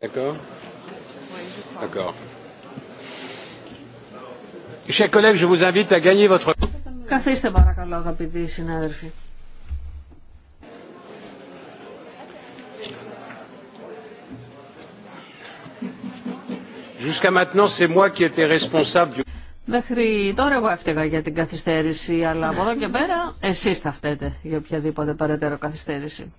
D'accord D'accord. Chers collègues, je vous invite à gagner votre... Καθίστε παρακαλώ αγαπητοί συνάδελφοι. Jusqu'à maintenant, c'est moi qui étais responsable du... Μέχρι τώρα εγώ έφταιγα για την καθυστέρηση, αλλά από εδώ και πέρα εσείς θα φταίτε για οποιαδήποτε παρατέρω καθυστέρηση.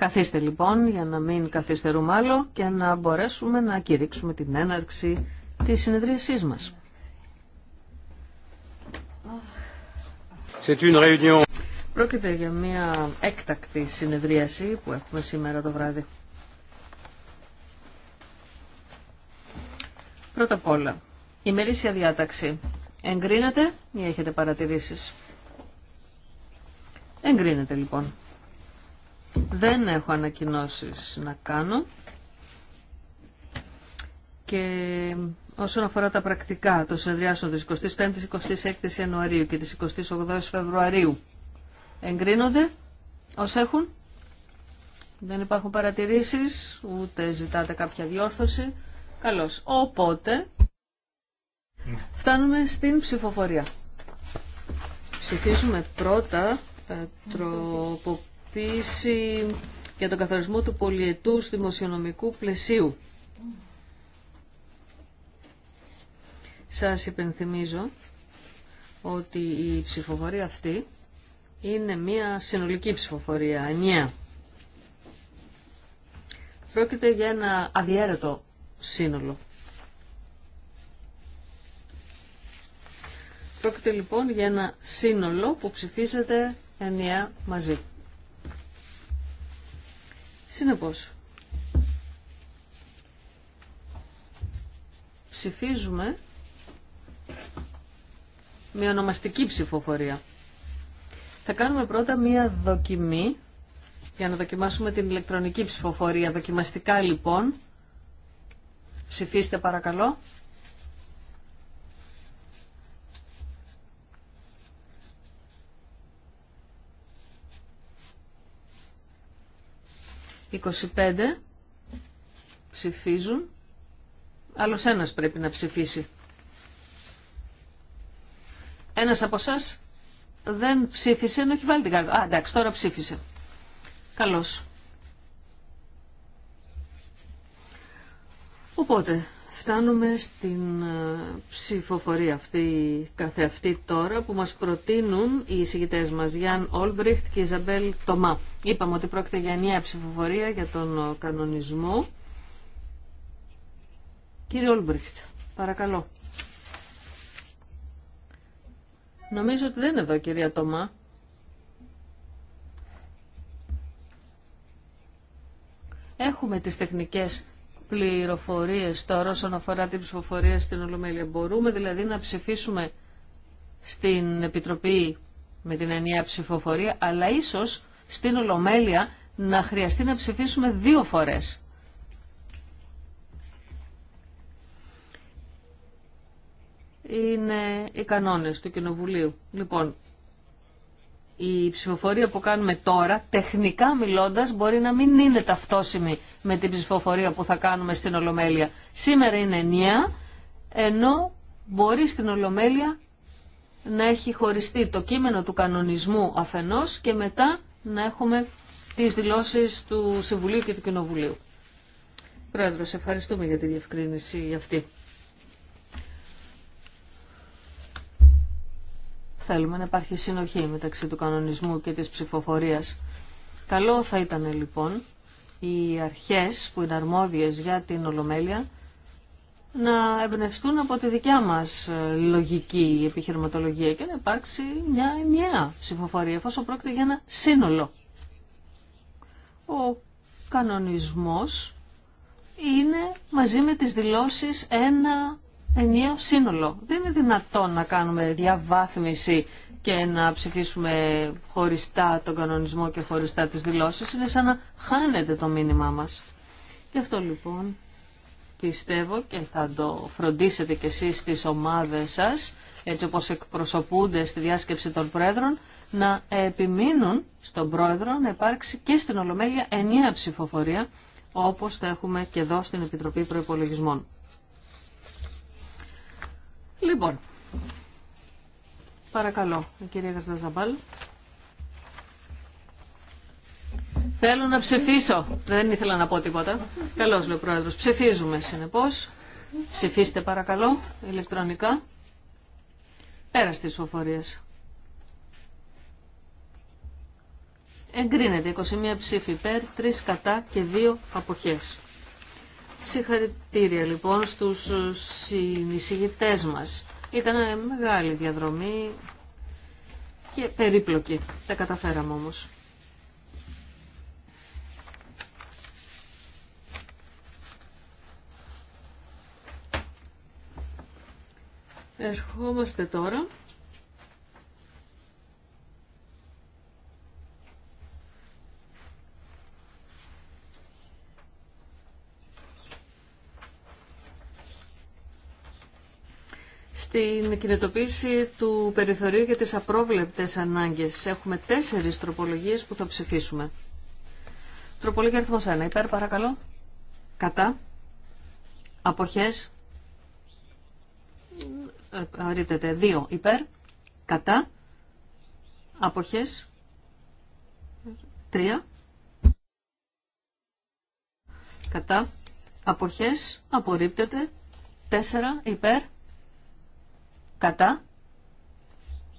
Καθίστε λοιπόν για να μην καθυστερούμε άλλο και να μπορέσουμε να κηρύξουμε την έναρξη της συνεδρίασής μας. Πρόκειται για μια έκτακτη συνεδρίαση που έχουμε σήμερα το βράδυ. Πρώτα απ' όλα, η μερίσια διάταξη εγκρίνεται ή έχετε παρατηρήσεις. Εγκρίνεται λοιπόν. Δεν έχω ανακοινώσεις να κάνω. Και όσον αφορά τα πρακτικά των συνεδριάσεων της 25 η 26ης Ιανουαρίου και τη 28ης Φεβρουαρίου, εγκρίνονται όσοι έχουν. Δεν υπάρχουν παρατηρήσεις, ούτε ζητάτε κάποια διόρθωση. Καλώς. Οπότε, φτάνουμε στην ψηφοφορία. Ψηφίζουμε πρώτα ε, τροποποίηση για τον καθορισμό του πολιετούς δημοσιονομικού πλαισίου. Σας υπενθυμίζω ότι η ψηφοφορία αυτή είναι μια συνολική ψηφοφορία, ενιαία. Πρόκειται για ένα αδιέρετο σύνολο. Πρόκειται λοιπόν για ένα σύνολο που ψηφίζεται ενιαία μαζί. Συνεπώς, ψηφίζουμε με ονομαστική ψηφοφορία. Θα κάνουμε πρώτα μία δοκιμή για να δοκιμάσουμε την ηλεκτρονική ψηφοφορία. Δοκιμαστικά λοιπόν. Ψηφίστε παρακαλώ. 25 ψηφίζουν. Άλλος ένας πρέπει να ψηφίσει. Ένας από εσά δεν ψήφισε, ενώ έχει βάλει την κάρτα. Α, εντάξει, τώρα ψήφισε. Καλώς. Οπότε, Φτάνουμε στην ε, ψηφοφορία αυτή καθεαυτή τώρα που μας προτείνουν οι εισηγητές μας Γιάνν Όλμπριχτ και Ιζαμπέλ Τομά. Είπαμε ότι πρόκειται για νέα ψηφοφορία για τον ε, κανονισμό. Κύριε Όλμπριχτ, παρακαλώ. Νομίζω ότι δεν είναι εδώ κυρία Τομά. Έχουμε τις τεχνικές πληροφορίες τώρα όσον αφορά την ψηφοφορία στην Ολομέλεια. Μπορούμε δηλαδή να ψηφίσουμε στην Επιτροπή με την ενιαία ψηφοφορία, αλλά ίσως στην Ολομέλεια να χρειαστεί να ψηφίσουμε δύο φορές. Είναι οι κανόνες του Κοινοβουλίου. Λοιπόν, η ψηφοφορία που κάνουμε τώρα, τεχνικά μιλώντας, μπορεί να μην είναι ταυτόσιμη με την ψηφοφορία που θα κάνουμε στην Ολομέλεια. Σήμερα είναι 9, ενώ μπορεί στην Ολομέλεια να έχει χωριστεί το κείμενο του κανονισμού αφενός και μετά να έχουμε τις δηλώσεις του Συμβουλίου και του Κοινοβουλίου. σε ευχαριστούμε για τη διευκρίνηση αυτή. Θέλουμε να υπάρχει συνοχή μεταξύ του κανονισμού και της ψηφοφορίας. Καλό θα ήταν λοιπόν οι αρχές που είναι αρμόδιες για την Ολομέλεια να εμπνευστούν από τη δικιά μας ε, λογική επιχειρηματολογία και να υπάρξει μια ενιαία ψηφοφορία εφόσον πρόκειται για ένα σύνολο. Ο κανονισμός είναι μαζί με τις δηλώσεις ένα ενιαίο σύνολο. Δεν είναι δυνατόν να κάνουμε διαβάθμιση και να ψηφίσουμε χωριστά τον κανονισμό και χωριστά τις δηλώσεις. Είναι σαν να χάνεται το μήνυμά μας. Γι' αυτό λοιπόν πιστεύω και θα το φροντίσετε κι εσείς στις ομάδες σας, έτσι όπως εκπροσωπούνται στη διάσκεψη των πρόεδρων, να επιμείνουν στον πρόεδρο να υπάρξει και στην Ολομέλεια ενιαία ψηφοφορία, όπως θα έχουμε και εδώ στην Επιτροπή Προϋπολογισμών. Λοιπόν, Παρακαλώ, κυρία Γαζαζαμπάλ. Θέλω να ψηφίσω. Δεν ήθελα να πω τίποτα. Καλώς λέει ο Πρόεδρος. Ψηφίζουμε συνεπώς. Ψηφίστε παρακαλώ ηλεκτρονικά. Πέρα στις φοφορίες. Εγκρίνεται 21 ψήφοι υπέρ, 3 κατά και 2 αποχές. Συγχαρητήρια λοιπόν στους συνεισηγητές μας. Ήταν μεγάλη διαδρομή και περίπλοκη. Τα καταφέραμε όμως. Ερχόμαστε τώρα στην κινητοποίηση του περιθωρίου για τις απρόβλεπτες ανάγκες. Έχουμε τέσσερις τροπολογίες που θα ψηφίσουμε. Τροπολογία αριθμός 1. Υπέρ παρακαλώ. Κατά. Αποχές. Ε, Ρίτετε. 2. Υπέρ. Κατά. Αποχές. 3. Κατά. Αποχές. Απορρίπτεται. 4. Υπέρ κατά,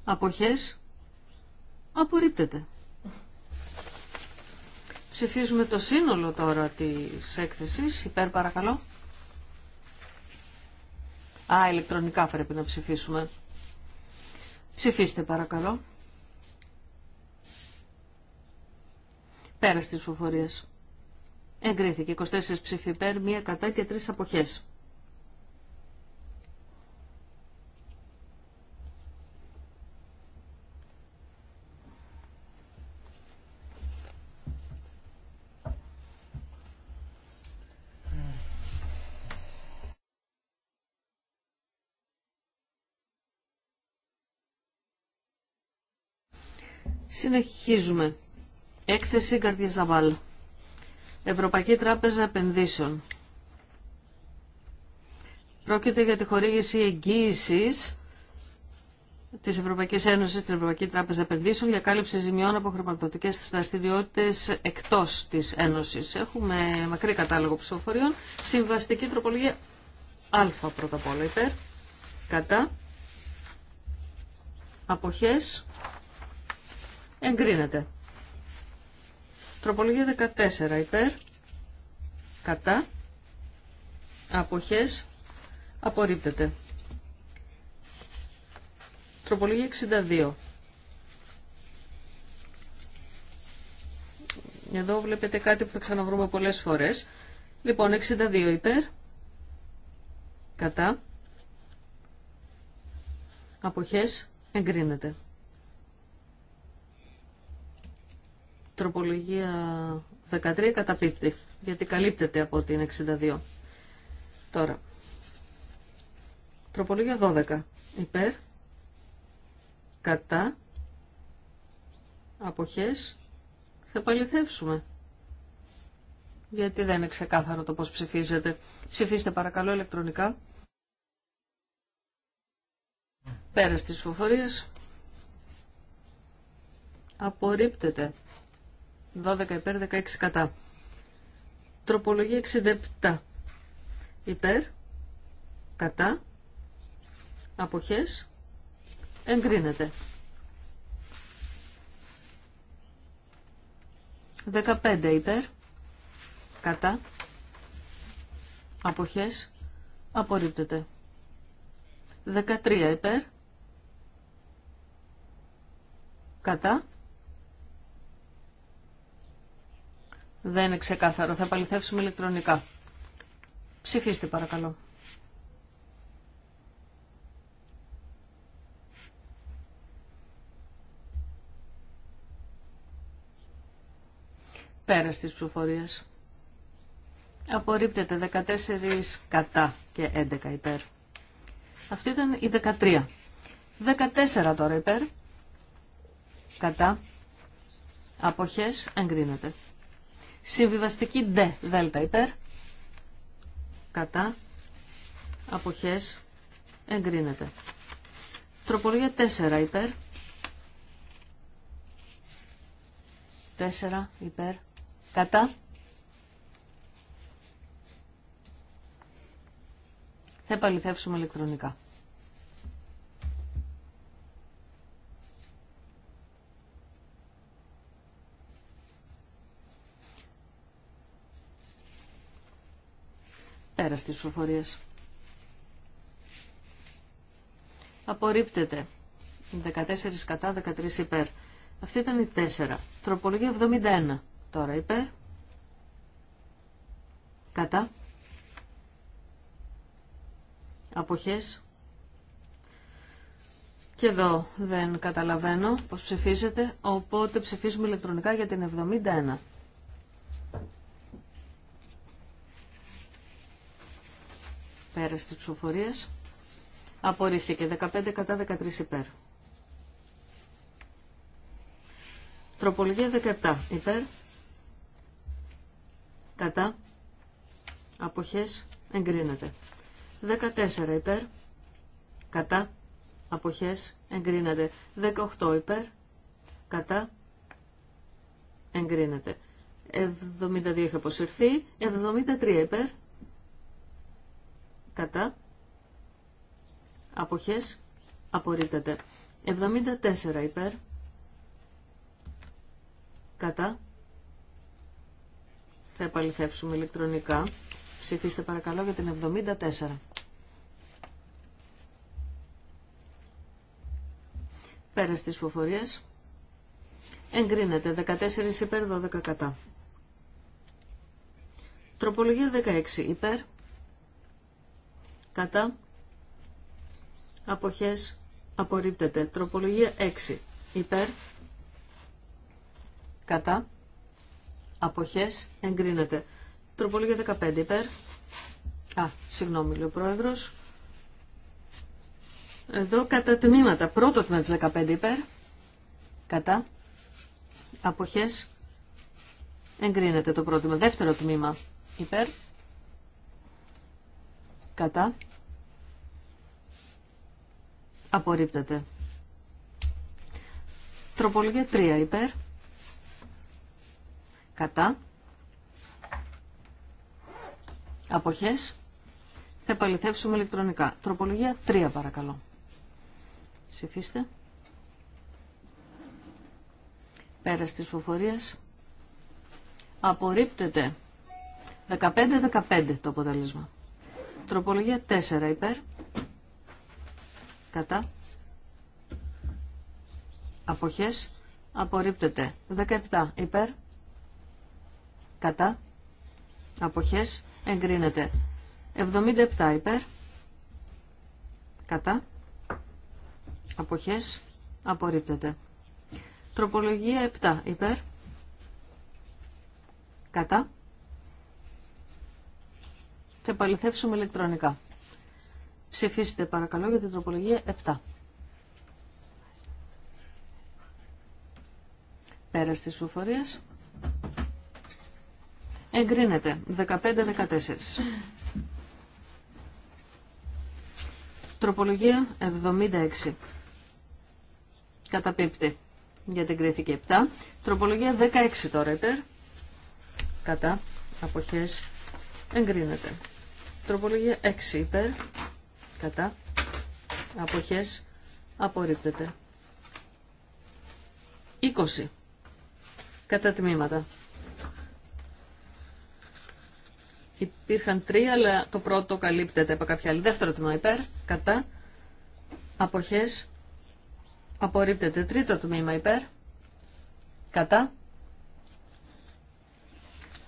αποχές, απορρίπτεται. Ψηφίζουμε το σύνολο τώρα της έκθεσης, υπέρ παρακαλώ. Α, ηλεκτρονικά πρέπει να ψηφίσουμε. Ψηφίστε παρακαλώ. Πέρα στις προφορίες. Εγκρίθηκε 24 ψηφί υπέρ, 1 κατά και 3 αποχές. Συνεχίζουμε. Έκθεση Καρδιαζαβάλ. Ευρωπαϊκή Τράπεζα Επενδύσεων. Πρόκειται για τη χορήγηση εγγύηση της Ευρωπαϊκής Ένωσης στην Ευρωπαϊκή Τράπεζα Επενδύσεων για κάλυψη ζημιών από χρηματοδοτικές δραστηριότητε εκτός της Ένωσης. Έχουμε μακρύ κατάλογο ψηφοφοριών. Συμβαστική τροπολογία Α πρώτα απ' όλα υπέρ. Κατά. Αποχές εγκρίνεται. Τροπολογία 14 υπέρ, κατά, αποχές, απορρίπτεται. Τροπολογία 62. Εδώ βλέπετε κάτι που θα ξαναβρούμε πολλές φορές. Λοιπόν, 62 υπέρ, κατά, αποχές, εγκρίνεται. τροπολογία 13 καταπίπτει, γιατί καλύπτεται από την 62. Τώρα, τροπολογία 12, υπέρ, κατά, αποχές, θα παληθεύσουμε. Γιατί δεν είναι ξεκάθαρο το πώς ψηφίζετε. Ψηφίστε παρακαλώ ηλεκτρονικά. Πέρα στις ψηφοφορίες. Απορρίπτεται. 12 υπέρ, 16 κατά. Τροπολογία 67. Υπέρ, κατά, αποχές, εγκρίνεται. 15 υπέρ, κατά, αποχές, απορρίπτεται. 13 υπέρ, κατά, Δεν είναι ξεκάθαρο. Θα επαληθεύσουμε ηλεκτρονικά. Ψηφίστε παρακαλώ. Πέρα στις προφορίες. Απορρίπτεται 14 κατά και 11 υπέρ. Αυτή ήταν η 13. 14 τώρα υπέρ. Κατά. Αποχές εγκρίνεται. Συμβιβαστική ντε δέλτα υπέρ, κατά, αποχές, εγκρίνεται. Τροπολογία 4 υπέρ, 4 υπέρ, κατά, θα επαληθεύσουμε ηλεκτρονικά. Πέρα στις Απορρίπτεται. 14 κατά, 13 υπέρ. Αυτή ήταν η 4. Τροπολογία 71. Τώρα υπέρ. Κατά. Αποχές. Και εδώ δεν καταλαβαίνω πώς ψηφίζετε. οπότε ψηφίζουμε ηλεκτρονικά για την 71. Πέρας τις ψηφοφορίας. Απορρίφθηκε 15 κατά 13 υπέρ. Τροπολογία 17 υπέρ. Κατά. Αποχές εγκρίνεται. 14 υπέρ. Κατά. Αποχές εγκρίνεται. 18 υπέρ. Κατά. Εγκρίνεται. 72 έχει αποσυρθεί. 73 υπέρ κατά, αποχές, απορρίπτεται. 74 υπέρ, κατά, θα επαληθεύσουμε ηλεκτρονικά. Ψηφίστε παρακαλώ για την 74. Πέρα στις φοφορίες. Εγκρίνεται 14 υπέρ 12 κατά. Τροπολογία 16 υπέρ κατά αποχές απορρίπτεται. Τροπολογία 6 υπέρ κατά αποχές εγκρίνεται. Τροπολογία 15 υπέρ. Α, συγγνώμη λέει ο πρόεδρος. Εδώ κατά τμήματα. Πρώτο τμήμα 15 υπέρ. Κατά. Αποχές εγκρίνεται το πρώτο τμήμα. Δεύτερο τμήμα υπέρ κατά απορρίπτεται. Τροπολογία 3 υπέρ κατά αποχές θα επαληθεύσουμε ηλεκτρονικά. Τροπολογία 3 παρακαλώ. Ψηφίστε. Πέρα της φοφορίας. Απορρίπτεται. 15-15 το αποτέλεσμα. Τροπολογία 4 υπέρ. Κατά. Αποχές. Απορρίπτεται. 17 υπέρ. Κατά. Αποχές. Εγκρίνεται. 77 υπέρ. Κατά. Αποχές. Απορρίπτεται. Τροπολογία 7 υπέρ. Κατά. Θα επαληθεύσουμε ηλεκτρονικά. Ψηφίστε παρακαλώ για την τροπολογία 7. Πέρα της ψηφοφορίας. Εγκρίνεται. 15-14. Τροπολογία 76. Καταπίπτει. Γιατί εγκρίθηκε 7. Τροπολογία 16 τώρα υπέρ. Κατά. Αποχές. Εγκρίνεται. Τροπολογία 6 υπέρ, κατά, αποχές, απορρίπτεται. 20. Κατά τμήματα. Υπήρχαν τρία, αλλά το πρώτο καλύπτεται από κάποια άλλη. Δεύτερο τμήμα υπέρ, κατά, αποχές, απορρίπτεται. Τρίτο τμήμα υπέρ, κατά,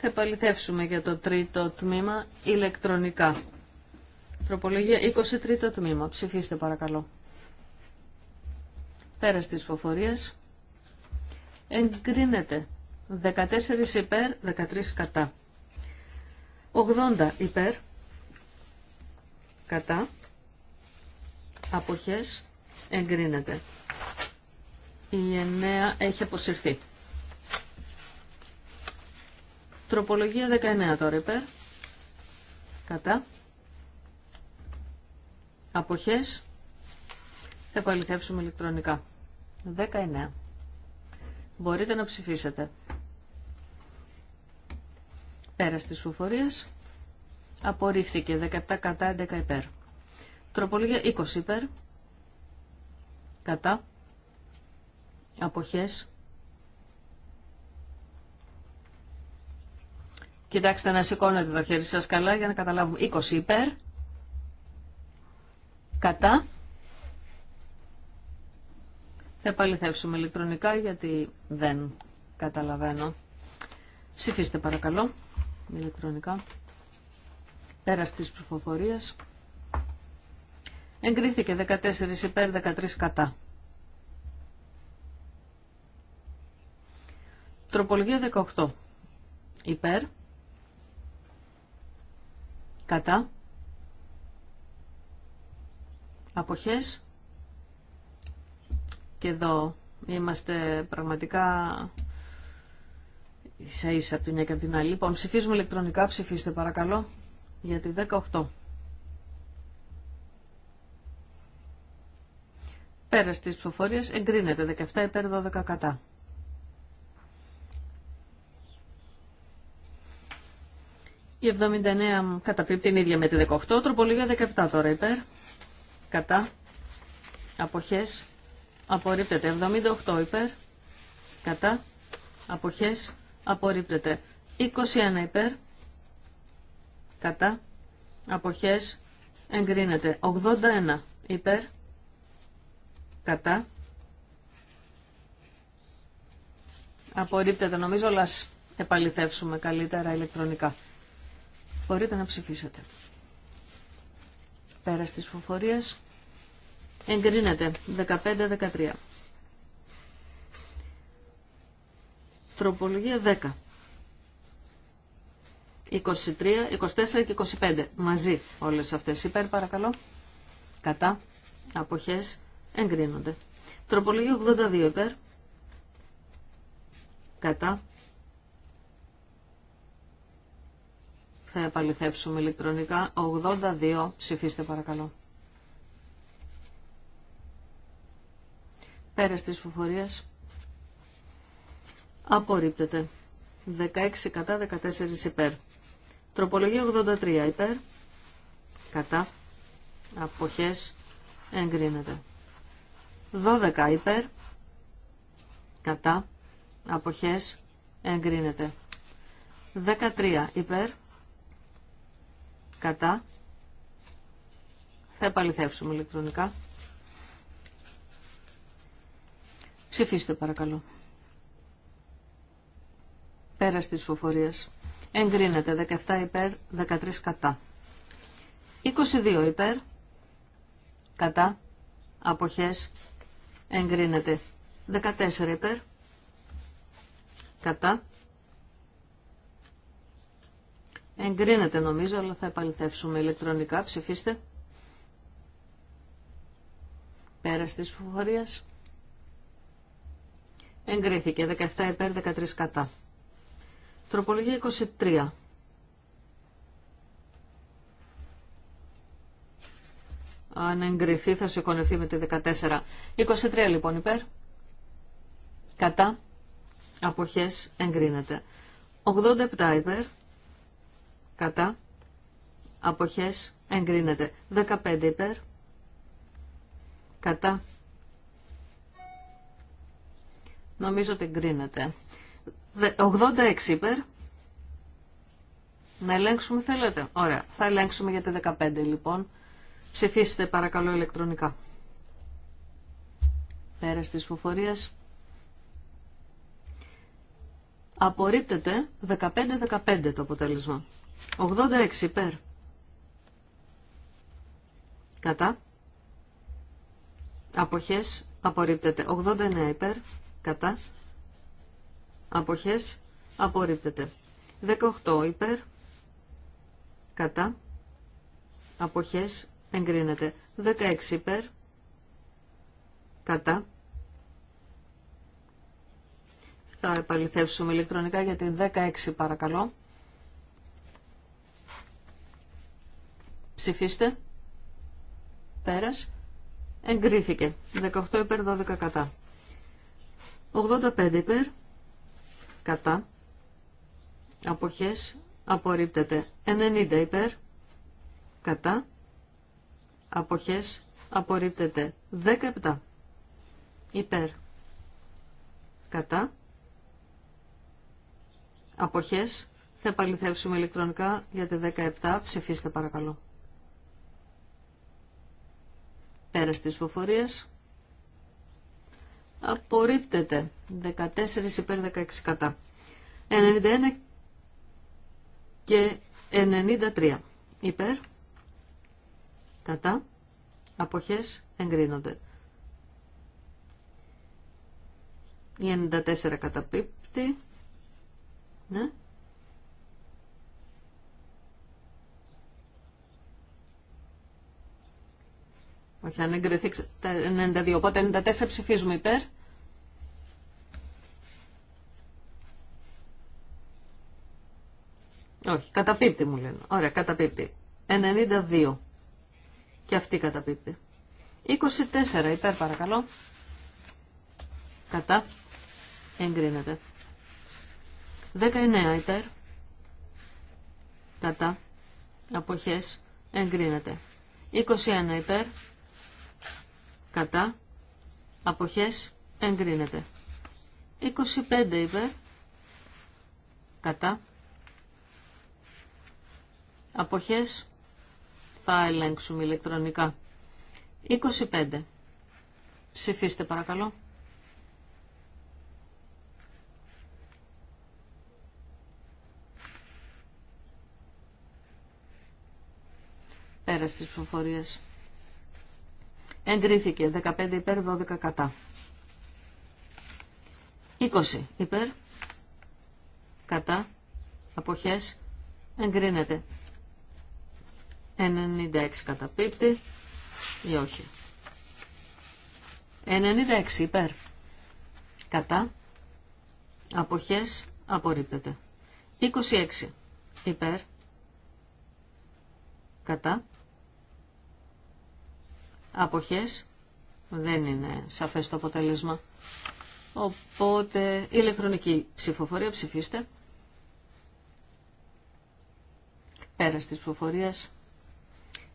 θα επαληθεύσουμε για το τρίτο τμήμα ηλεκτρονικά. Τροπολογία 23 23ο τμήμα. Ψηφίστε παρακαλώ. Πέρας της φοφορίας. εγκρίνεται 14 υπέρ, 13 κατά. 80 υπέρ, κατά, αποχές, εγκρίνεται. Η 9 έχει αποσυρθεί. Τροπολογία 19 τώρα υπέρ. Κατά. Αποχές. Θα επαληθεύσουμε ηλεκτρονικά. 19. Μπορείτε να ψηφίσετε. Πέρα της φοφορίας. Απορρίφθηκε 17 κατά 11 υπέρ. Τροπολογία 20 υπέρ. Κατά. Αποχές. Κοιτάξτε να σηκώνετε το χέρι σας καλά για να καταλάβουμε. 20 υπέρ. Κατά. Θα επαληθεύσουμε ηλεκτρονικά γιατί δεν καταλαβαίνω. Συμφίστε παρακαλώ ηλεκτρονικά. Πέρα της ψηφοφορίας. Εγκρίθηκε 14 υπέρ 13 κατά. Τροπολογία 18. Υπέρ κατά, αποχές και εδώ είμαστε πραγματικά ίσα ίσα από την μια και από την άλλη. Λοιπόν, ψηφίζουμε ηλεκτρονικά, ψηφίστε παρακαλώ για τη 18. Πέρα στις ψηφοφορίες εγκρίνεται 17 υπέρ 12 κατά. Η 79 καταπίπτει την ίδια με τη 18. Τροπολογία 17 τώρα υπέρ. Κατά. Αποχές. Απορρίπτεται. 78 υπέρ. Κατά. Αποχές. Απορρίπτεται. 21 υπέρ. Κατά. Αποχές. Εγκρίνεται. 81 υπέρ. Κατά. Απορρίπτεται νομίζω, λας επαληθεύσουμε καλύτερα ηλεκτρονικά. Μπορείτε να ψηφίσετε. Πέρα στις φοφοριες εγκρινεται εγκρίνεται 15-13. Τροπολογία 10. 23, 24 και 25. Μαζί όλες αυτές. Υπέρ παρακαλώ. Κατά. Αποχές. Εγκρίνονται. Τροπολογία 82 υπέρ. Κατά. Θα επαληθεύσουμε ηλεκτρονικά. 82 ψηφίστε παρακαλώ. Πέρας της φοφορίας. Απορρίπτεται. 16 κατά, 14 υπέρ. Τροπολογία 83 υπέρ. Κατά. Αποχές. Εγκρίνεται. 12 υπέρ. Κατά. Αποχές. Εγκρίνεται. 13 υπέρ κατά. Θα επαληθεύσουμε ηλεκτρονικά. Ψηφίστε παρακαλώ. Πέρα τη φοφορίας. Εγκρίνεται 17 υπέρ, 13 κατά. 22 υπέρ, κατά, αποχές, εγκρίνεται 14 υπέρ, κατά, Εγκρίνεται νομίζω, αλλά θα επαληθεύσουμε ηλεκτρονικά. Ψηφίστε. Πέρα της ψηφοφορίας. Εγκρίθηκε 17 υπέρ 13 κατά. Τροπολογία 23. Αν εγκριθεί θα σηκωνευτεί με τη 14. 23 λοιπόν υπέρ. Κατά. Αποχές εγκρίνεται. 87 υπέρ κατά, αποχές εγκρίνεται. 15 υπέρ, κατά, νομίζω ότι εγκρίνεται. 86 υπέρ, να ελέγξουμε θέλετε. Ωραία, θα ελέγξουμε για τα 15 λοιπόν. Ψηφίστε παρακαλώ ηλεκτρονικά. Πέρα της φοφορίας Απορρίπτεται 15-15 το αποτέλεσμα. 86 υπέρ. Κατά. Αποχές απορρίπτεται. 89 υπέρ. Κατά. Αποχές απορρίπτεται. 18 υπέρ. Κατά. Αποχές εγκρίνεται. 16 υπέρ. Κατά. Θα επαληθεύσουμε ηλεκτρονικά για την 16 παρακαλώ. Ψηφίστε. Πέρας. Εγκρίθηκε. 18 υπέρ 12 κατά. 85 υπέρ. Κατά. Αποχές. Απορρίπτεται. 90 υπέρ. Κατά. Αποχές. Απορρίπτεται. 17. Υπέρ. Κατά. Αποχές. Θα επαληθεύσουμε ηλεκτρονικά για τη 17. Ψηφίστε παρακαλώ. Πέρα στις φοφορίες. Απορρίπτεται. 14 υπέρ 16 κατά. 91 και 93 υπέρ. Κατά. Αποχές εγκρίνονται. Η 94 καταπίπτει. Ναι. Όχι, αν εγκριθεί 92, οπότε 94 ψηφίζουμε υπέρ. Όχι, καταπίπτει μου λένε. Ωραία, καταπίπτει. 92. Και αυτή καταπίπτει. 24 υπέρ παρακαλώ. Κατά. Εγκρίνεται. 19 υπέρ. Κατά. Αποχές εγκρίνεται. 21 υπέρ. Κατά. Αποχές εγκρίνεται. 25 υπέρ. Κατά. Αποχές θα ελέγξουμε ηλεκτρονικά. 25. Ψηφίστε παρακαλώ. Πέρας της Εγκρίθηκε 15 υπέρ, 12 κατά. 20 υπέρ, κατά, αποχές, εγκρίνεται. 96 καταπίπτει ή όχι. 96 υπέρ, κατά, αποχές, απορρίπτεται. 26 υπέρ, κατά, αποχές δεν είναι σαφές το αποτέλεσμα. Οπότε ηλεκτρονική ψηφοφορία ψηφίστε. Πέρας της ψηφοφορίας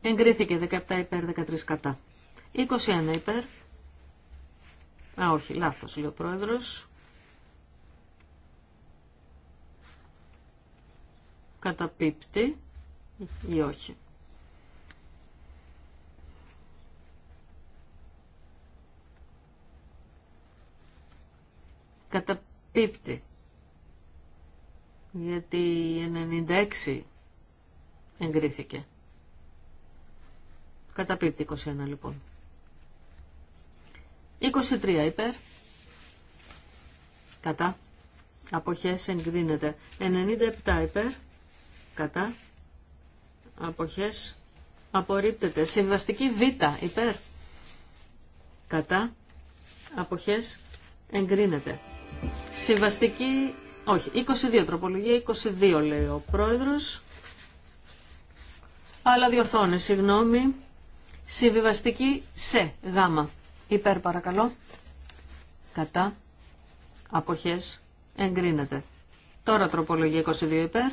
εγκρίθηκε 17 υπέρ 13 κατά. 21 υπέρ. Α, όχι, λάθος λέει ο πρόεδρος. Καταπίπτει ή όχι. καταπίπτει. Γιατί 96 εγκρίθηκε. Καταπίπτει 21 λοιπόν. 23 υπέρ. Κατά. Αποχές εγκρίνεται. 97 υπέρ. Κατά. Αποχές απορρίπτεται. Συμβαστική Β υπέρ. Κατά. Αποχές εγκρίνεται. Συμβαστική, όχι, 22 τροπολογία, 22 λέει ο πρόεδρος. Αλλά διορθώνει, συγγνώμη. Συμβιβαστική σε γάμα. Υπέρ παρακαλώ. Κατά. Αποχές. Εγκρίνεται. Τώρα τροπολογία 22 υπέρ.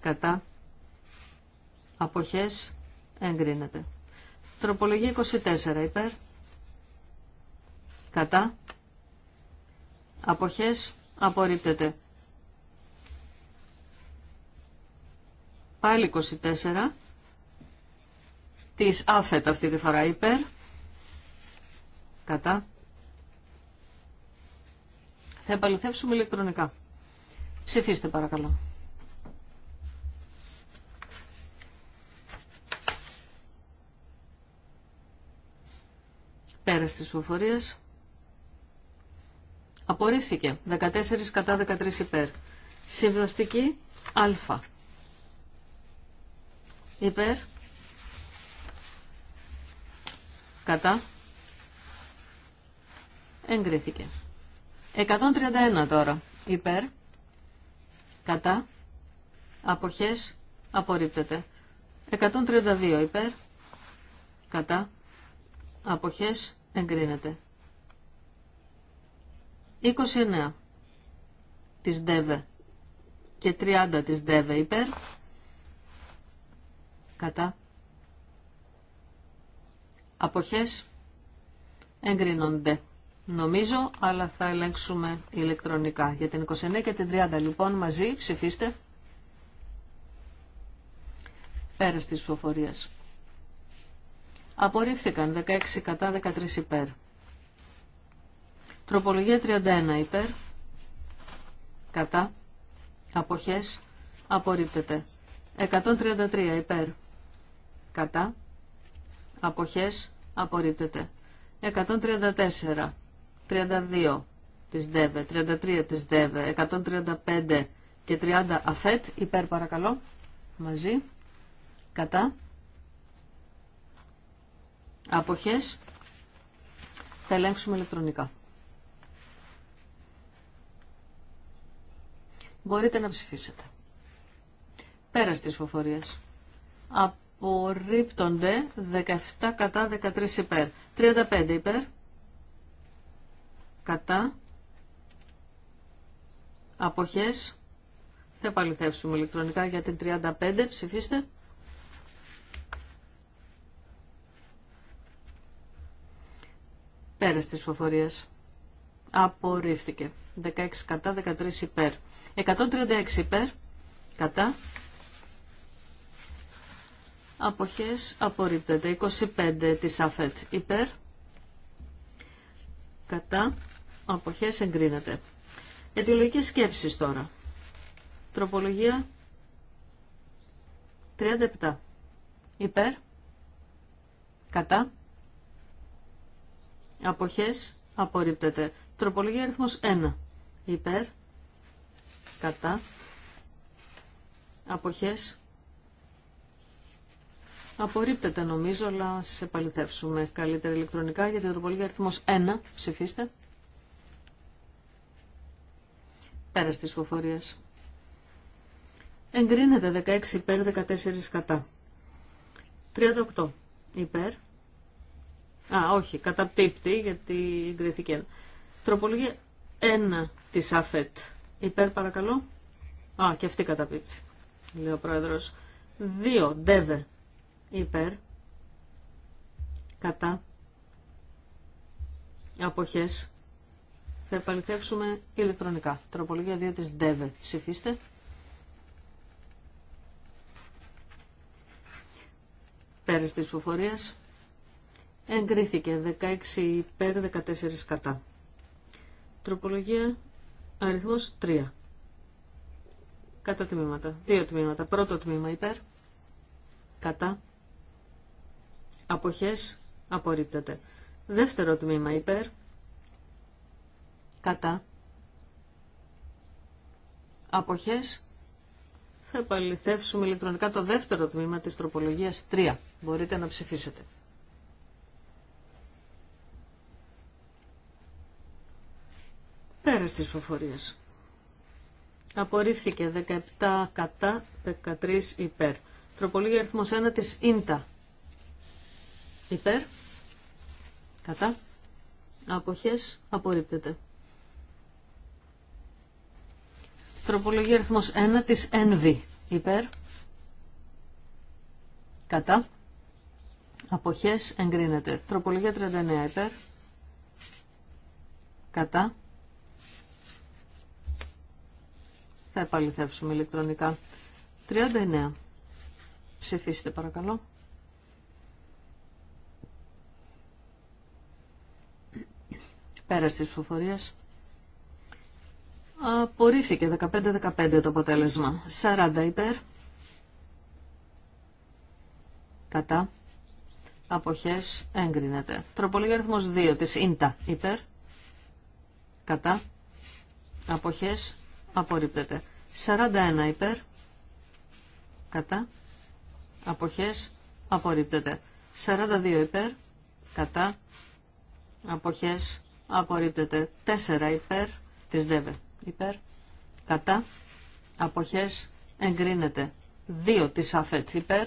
Κατά. Αποχές. Εγκρίνεται. Τροπολογία 24 υπέρ. Κατά. Αποχές απορρίπτεται. Πάλι 24. Της άφετ αυτή τη φορά υπέρ. Κατά. Θα επαληθεύσουμε ηλεκτρονικά. Ψηφίστε παρακαλώ. Πέρα της ψηφοφορίας. Απορρίφθηκε. 14 κατά 13 υπέρ. Συμβαστική α. Υπέρ. Κατά. Εγκρίθηκε. 131 τώρα. Υπέρ. Κατά. Αποχές. Απορρίπτεται. 132 υπέρ. Κατά. Αποχές. Εγκρίνεται. 29 της ΔΕΒΕ και 30 της ΔΕΒΕ υπέρ κατά αποχές εγκρίνονται νομίζω αλλά θα ελέγξουμε ηλεκτρονικά για την 29 και την 30 λοιπόν μαζί ψηφίστε πέρας της ψηφοφορίας απορρίφθηκαν 16 κατά 13 υπέρ Τροπολογία 31 υπέρ. Κατά. Αποχές. Απορρίπτεται. 133 υπέρ. Κατά. Αποχές. Απορρίπτεται. 134. 32 της ΔΕΒΕ. 33 της ΔΕΒΕ. 135 και 30 αφέτ. Υπέρ παρακαλώ. Μαζί. Κατά. Αποχές. Θα ελέγξουμε ηλεκτρονικά. Μπορείτε να ψηφίσετε. Πέρα στις φοφορίες. Απορρίπτονται 17 κατά 13 υπέρ. 35 υπέρ. Κατά. Αποχές. Θα επαληθεύσουμε ηλεκτρονικά για την 35. Ψηφίστε. Πέρα στις φοφορίες απορρίφθηκε. 16 κατά, 13 υπέρ. 136 υπέρ, κατά. Αποχές απορρίπτεται. 25 της ΑΦΕΤ υπέρ, κατά. Αποχές εγκρίνεται. Αιτιολογικές σκέψεις τώρα. Τροπολογία 37. Υπέρ. Κατά. Αποχές απορρίπτεται. Τροπολογία αριθμό 1. Υπέρ. Κατά. Αποχές. Απορρίπτεται νομίζω, αλλά σε επαληθεύσουμε καλύτερα ηλεκτρονικά για την τροπολογία αριθμός 1. Ψηφίστε. Πέρα στις φοφορίες. Εγκρίνεται 16 υπέρ, 14 κατά. 38 υπέρ. Α, όχι, καταπτύπτει γιατί εγκριθήκε Τροπολογία 1 της ΑΦΕΤ. Υπέρ παρακαλώ. Α, και αυτή καταπίπτει, λέει ο πρόεδρος. 2. ΔΕΒΕ. Υπέρ. Κατά. Αποχές. Θα επαληθεύσουμε ηλεκτρονικά. Τροπολογία 2 της ΔΕΒΕ. Ψηφίστε. Πέρες της ψηφοφορίας. Εγκρίθηκε 16 υπέρ 14 κατά. Τροπολογία αριθμός 3. Κατά τμήματα. Δύο τμήματα. Πρώτο τμήμα υπέρ. Κατά. Αποχές απορρίπτεται. Δεύτερο τμήμα υπέρ. Κατά. Αποχές. Θα επαληθεύσουμε ηλεκτρονικά το δεύτερο τμήμα της τροπολογίας 3. Μπορείτε να ψηφίσετε. Πέρα στις ψηφοφορίες. Απορρίφθηκε 17 κατά, 13 υπέρ. Τροπολογία αριθμός 1 της ΙΝΤΑ. Υπέρ. Κατά. Αποχές απορρίπτεται. Τροπολογία αριθμός 1 της ΕΝΒ. Υπέρ. Κατά. Αποχές εγκρίνεται. Τροπολογία 39 υπέρ. Κατά. Θα επαληθεύσουμε ηλεκτρονικά. 39. Ψηφίστε παρακαλώ. Πέρα τη ψηφοφορίας. Απορρίφθηκε 15-15 το αποτέλεσμα. 40 υπέρ. Κατά. Αποχές έγκρινεται. Τροπολογία αριθμός 2 της ΙΝΤΑ υπέρ. Κατά. Αποχές απορρίπτεται. 41 υπέρ, κατά, αποχές, απορρίπτεται. 42 υπέρ, κατά, αποχές, απορρίπτεται. 4 υπέρ, της ΔΕΒΕ, υπέρ, κατά, αποχές, εγκρίνεται. 2 της ΑΦΕΤ υπέρ,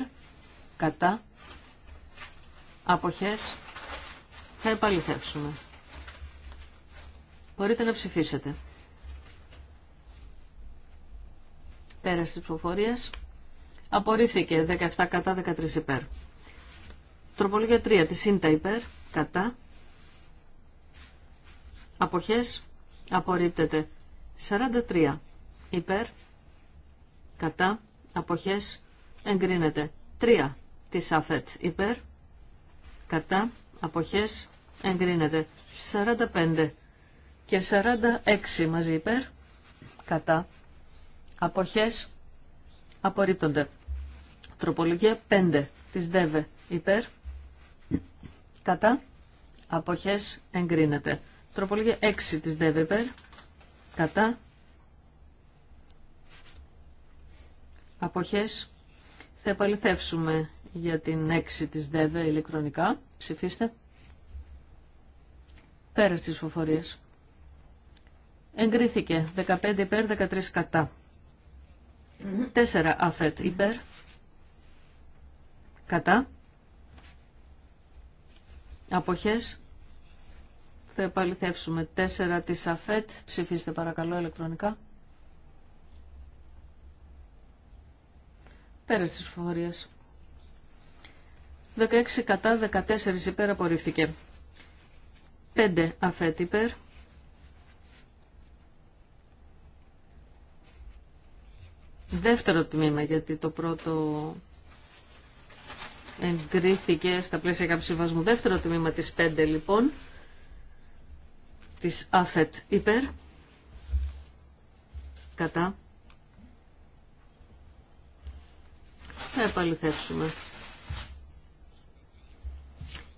κατά, αποχές, θα επαληθεύσουμε. Μπορείτε να ψηφίσετε. Πέραση της προφορίας Απορρίφθηκε 17 κατά 13 υπέρ. Τροπολογία 3 Τη ΣΥΝΤΑ υπέρ κατά. Αποχές απορρίπτεται 43 υπέρ κατά. Αποχές εγκρίνεται 3 της ΑΦΕΤ υπέρ κατά. Αποχές εγκρίνεται 45 και 46 μαζί υπέρ κατά Αποχές απορρίπτονται. Τροπολογία 5 της ΔΕΒΕ υπέρ. Κατά. Αποχές εγκρίνεται. Τροπολογία 6 της ΔΕΒΕ υπέρ. Κατά. Αποχές θα επαληθεύσουμε για την 6 της ΔΕΒΕ ηλεκτρονικά. Ψηφίστε. Πέρα στις φοφορίες. Εγκρίθηκε 15 υπέρ 13 κατά. 4 αφετ υπέρ. Κατά. Αποχές. Θα επαληθεύσουμε 4 της αφετ. Ψηφίστε παρακαλώ ηλεκτρονικά. Πέρα στις φοβορίες. 16 κατά 14 υπέρ απορρίφθηκε. 5 αφέτ υπέρ. Δεύτερο τμήμα, γιατί το πρώτο εγκρίθηκε στα πλαίσια κάποιου συμβασμού. Δεύτερο τμήμα της 5 λοιπόν, της ΑΦΕΤ υπέρ, κατά. Θα επαληθεύσουμε.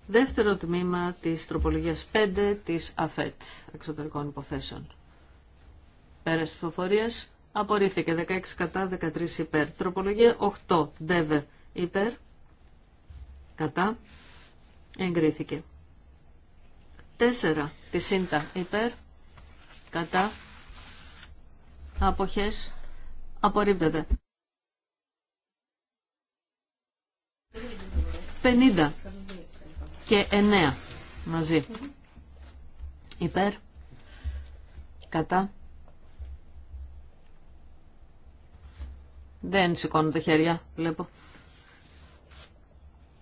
Δεύτερο τμήμα της τροπολογίας 5 της ΑΦΕΤ, εξωτερικών υποθέσεων. Πέρας της Απορρίφθηκε 16 κατά 13 υπέρ. Τροπολογία 8. Δεύε υπέρ. Κατά. Εγκρίθηκε. 4. Τη σύντα υπέρ. Κατά. Αποχές. Απορρίπτεται. 50 και 9 μαζί. Υπέρ. Κατά. Δεν τα χέρια, βλέπω.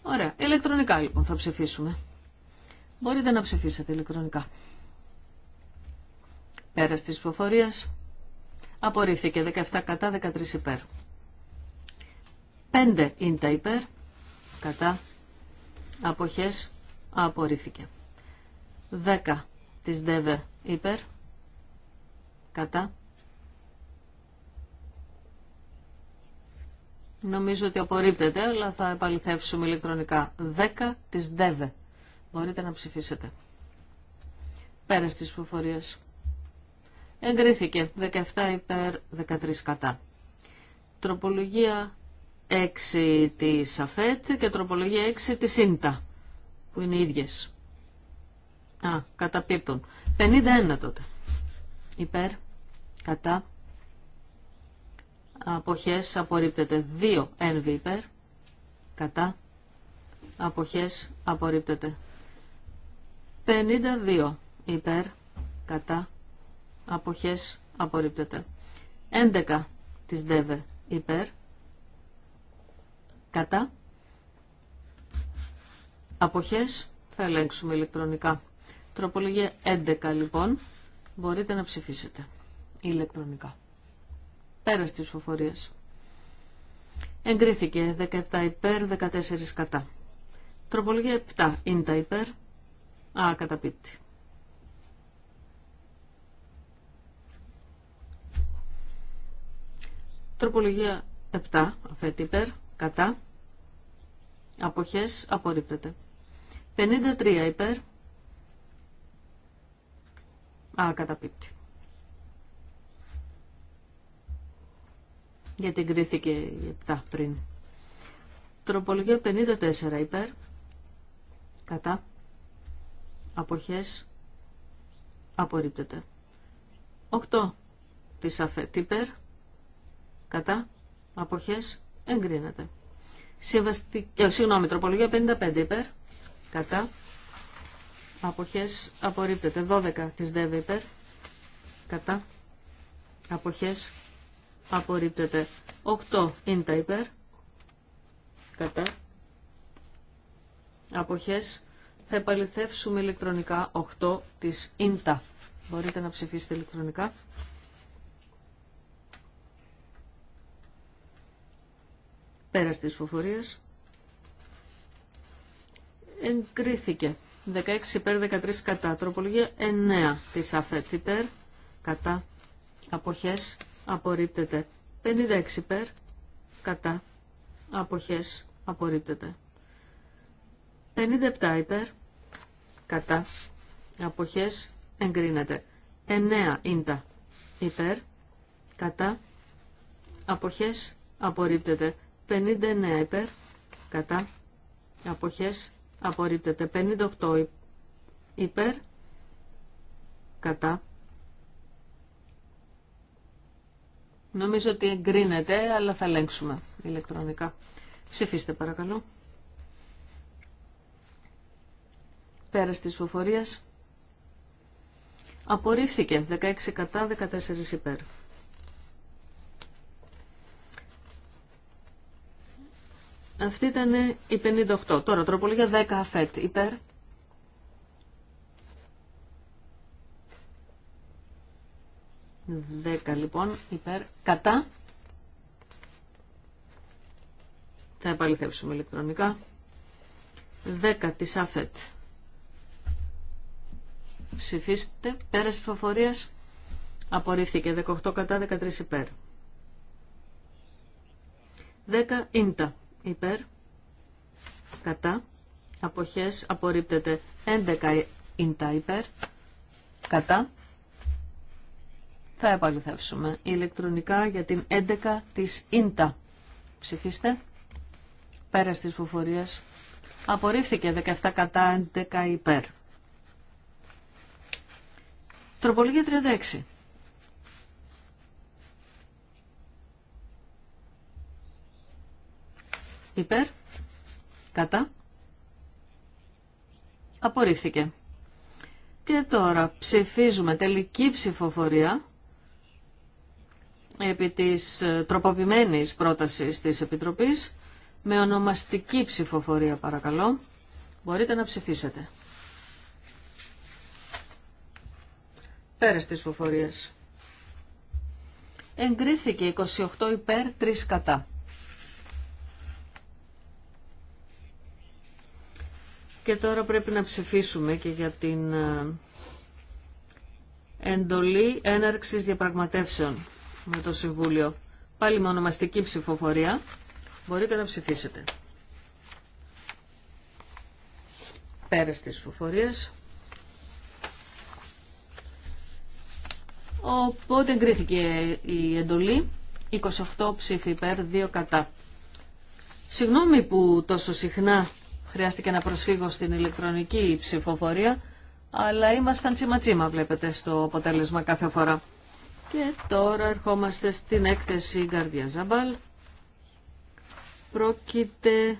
Ωραία. Ηλεκτρονικά λοιπόν θα ψηφίσουμε. Μπορείτε να ψηφίσετε ηλεκτρονικά. Πέρα της ψηφοφορίας απορρίφθηκε 17 κατά 13 υπέρ. 5 είναι υπέρ κατά αποχές απορρίφθηκε. 10 της ΔΕΒΕ υπέρ κατά Νομίζω ότι απορρίπτεται, αλλά θα επαληθεύσουμε ηλεκτρονικά. 10 της ΔΕΒΕ. Μπορείτε να ψηφίσετε. Πέρας της προφορίας. Εγκρίθηκε. 17 υπέρ, 13 κατά. Τροπολογία 6 της ΑΦΕΤ και τροπολογία 6 της ΣΥΝΤΑ, που είναι οι ίδιες. Α, καταπίπτουν. 51 τότε. Υπέρ, κατά, αποχές απορρίπτεται. 2 NV υπέρ, κατά, αποχές απορρίπτεται. 52 υπέρ, κατά, αποχές απορρίπτεται. 11 της ΔΕΒΕ υπέρ, κατά, αποχές θα ελέγξουμε ηλεκτρονικά. Τροπολογία 11 λοιπόν μπορείτε να ψηφίσετε ηλεκτρονικά πέρα της φοφορίες. Εγκρίθηκε 17 υπέρ, 14 κατά. Τροπολογία 7 είναι τα υπέρ. Α, καταπίπτει. Τροπολογία 7, αφέτη υπέρ, κατά. Αποχές απορρίπτεται. 53 υπέρ. Α, καταπίπτει. γιατί εγκρίθηκε η 7 πριν. Τροπολογία 54 υπέρ, κατά, αποχές, απορρίπτεται. 8 της ΑΦΕΤ υπέρ, κατά, αποχές, εγκρίνεται. Ε, συγγνώμη, τροπολογία 55 υπέρ, κατά, αποχές, απορρίπτεται. 12 της ΔΕΒ υπέρ, κατά, αποχές, απορρίπτεται. 8 είναι υπέρ, κατά, αποχές, θα επαληθεύσουμε ηλεκτρονικά 8 της ΙΝΤΑ. Μπορείτε να ψηφίσετε ηλεκτρονικά. Πέρα στις φοφορίες. Εγκρίθηκε. 16 υπέρ, 13 κατά. Τροπολογία 9 της ΑΦΕΤ υπέρ, κατά, αποχές, απορρίπτεται. 56 υπέρ, κατά, αποχές, απορρίπτεται. 57 υπέρ, κατά, αποχές, εγκρίνεται. 9 ίντα υπέρ, κατά, αποχές, απορρίπτεται. 59 υπέρ, κατά, αποχές, απορρίπτεται. 58 υπέρ, κατά, Νομίζω ότι εγκρίνεται, αλλά θα ελέγξουμε ηλεκτρονικά. Ψηφίστε παρακαλώ. Πέρας της φοφορίας. Απορρίφθηκε 16 κατά 14 υπέρ. Αυτή ήταν η 58. Τώρα τροπολογία 10 αφέτ υπέρ 10 λοιπόν υπέρ κατά. Θα επαληθεύσουμε ηλεκτρονικά. 10 της ΑΦΕΤ. Ψηφίστε. Πέρας της απορρίφθηκε. 18 κατά 13 υπέρ. 10 ίντα υπέρ. Κατά. Αποχές απορρίπτεται. 11 ίντα υπέρ. Κατά. Θα επαληθεύσουμε ηλεκτρονικά για την 11 της ίντα. Ψηφίστε. Πέρα της ψηφοφορίας. Απορρίφθηκε 17 κατά 11 υπέρ. Τροπολογία 36. Υπέρ. Κατά. Απορρίφθηκε. Και τώρα ψηφίζουμε τελική ψηφοφορία επί της ε, τροποποιημένης πρότασης της Επιτροπής με ονομαστική ψηφοφορία παρακαλώ. Μπορείτε να ψηφίσετε. Πέρας της ψηφοφορίας. Εγκρίθηκε 28 υπέρ 3 κατά. Και τώρα πρέπει να ψηφίσουμε και για την ε, εντολή έναρξης διαπραγματεύσεων με το Συμβούλιο. Πάλι με ονομαστική ψηφοφορία μπορείτε να ψηφίσετε. Πέρα στις ψηφοφορίας. Οπότε εγκρίθηκε η εντολή. 28 ψήφι υπέρ, 2 κατά. Συγγνώμη που τόσο συχνά χρειάστηκε να προσφύγω στην ηλεκτρονική ψηφοφορία, αλλά ήμασταν τσιματσίμα βλέπετε στο αποτέλεσμα κάθε φορά. Και τώρα ερχόμαστε στην έκθεση Γκάρδια Ζαμπάλ. Πρόκειται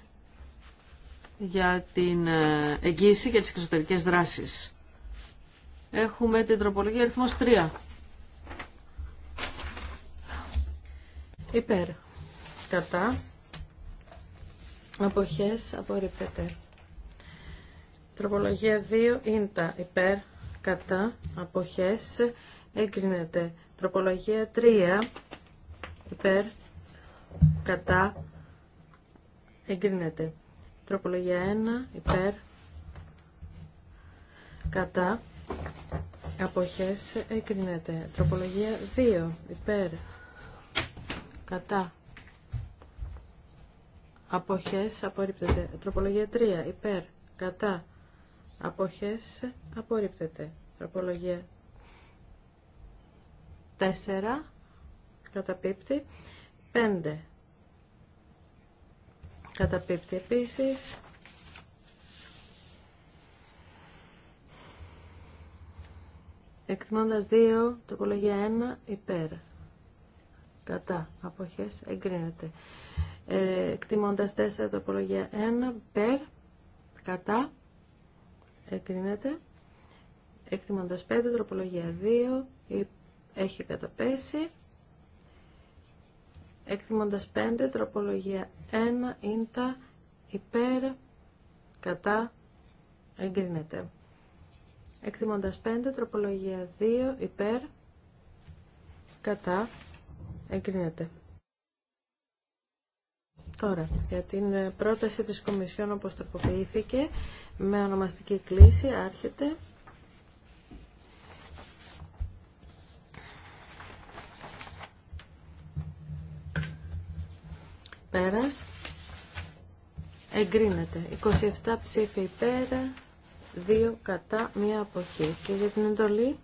για την ε, εγγύηση και τις εξωτερικές δράσεις. Έχουμε την τροπολογία αριθμός 3. Υπέρ. Κατά. Αποχές απορρίπτεται. Τροπολογία 2. Ίντα. Υπέρ. Κατά. Αποχές εγκρίνεται. Τροπολογία 3 υπέρ κατά εγκρίνεται. Τροπολογία 1 υπέρ κατά αποχές εγκρίνεται. Τροπολογία 2 υπέρ κατά αποχές απορρίπτεται. Τροπολογία 3 υπέρ κατά αποχές απορρίπτεται. Τροπολογία 4 καταπίπτει 5 καταπίπτει επίσης εκτιμώντας 2 τοπολογία 1 υπέρ κατά αποχές εγκρίνεται ε, εκτιμώντας 4 τοπολογία 1 υπέρ κατά εγκρίνεται εκτιμώντας 5 τροπολογία 2 υπέρ έχει καταπέσει. Εκτιμώντας 5, τροπολογία 1, ίντα, υπέρ, κατά, εγκρίνεται. Εκτιμώντας 5, τροπολογία 2, υπέρ, κατά, εγκρίνεται. Τώρα, για την ε, πρόταση της Κομισιόν όπως τροποποιήθηκε, με ονομαστική κλίση, άρχεται. Πέρας. Εγκρίνεται. 27 ψήφοι υπέρ, 2 κατά, μία αποχή. Και για την εντολή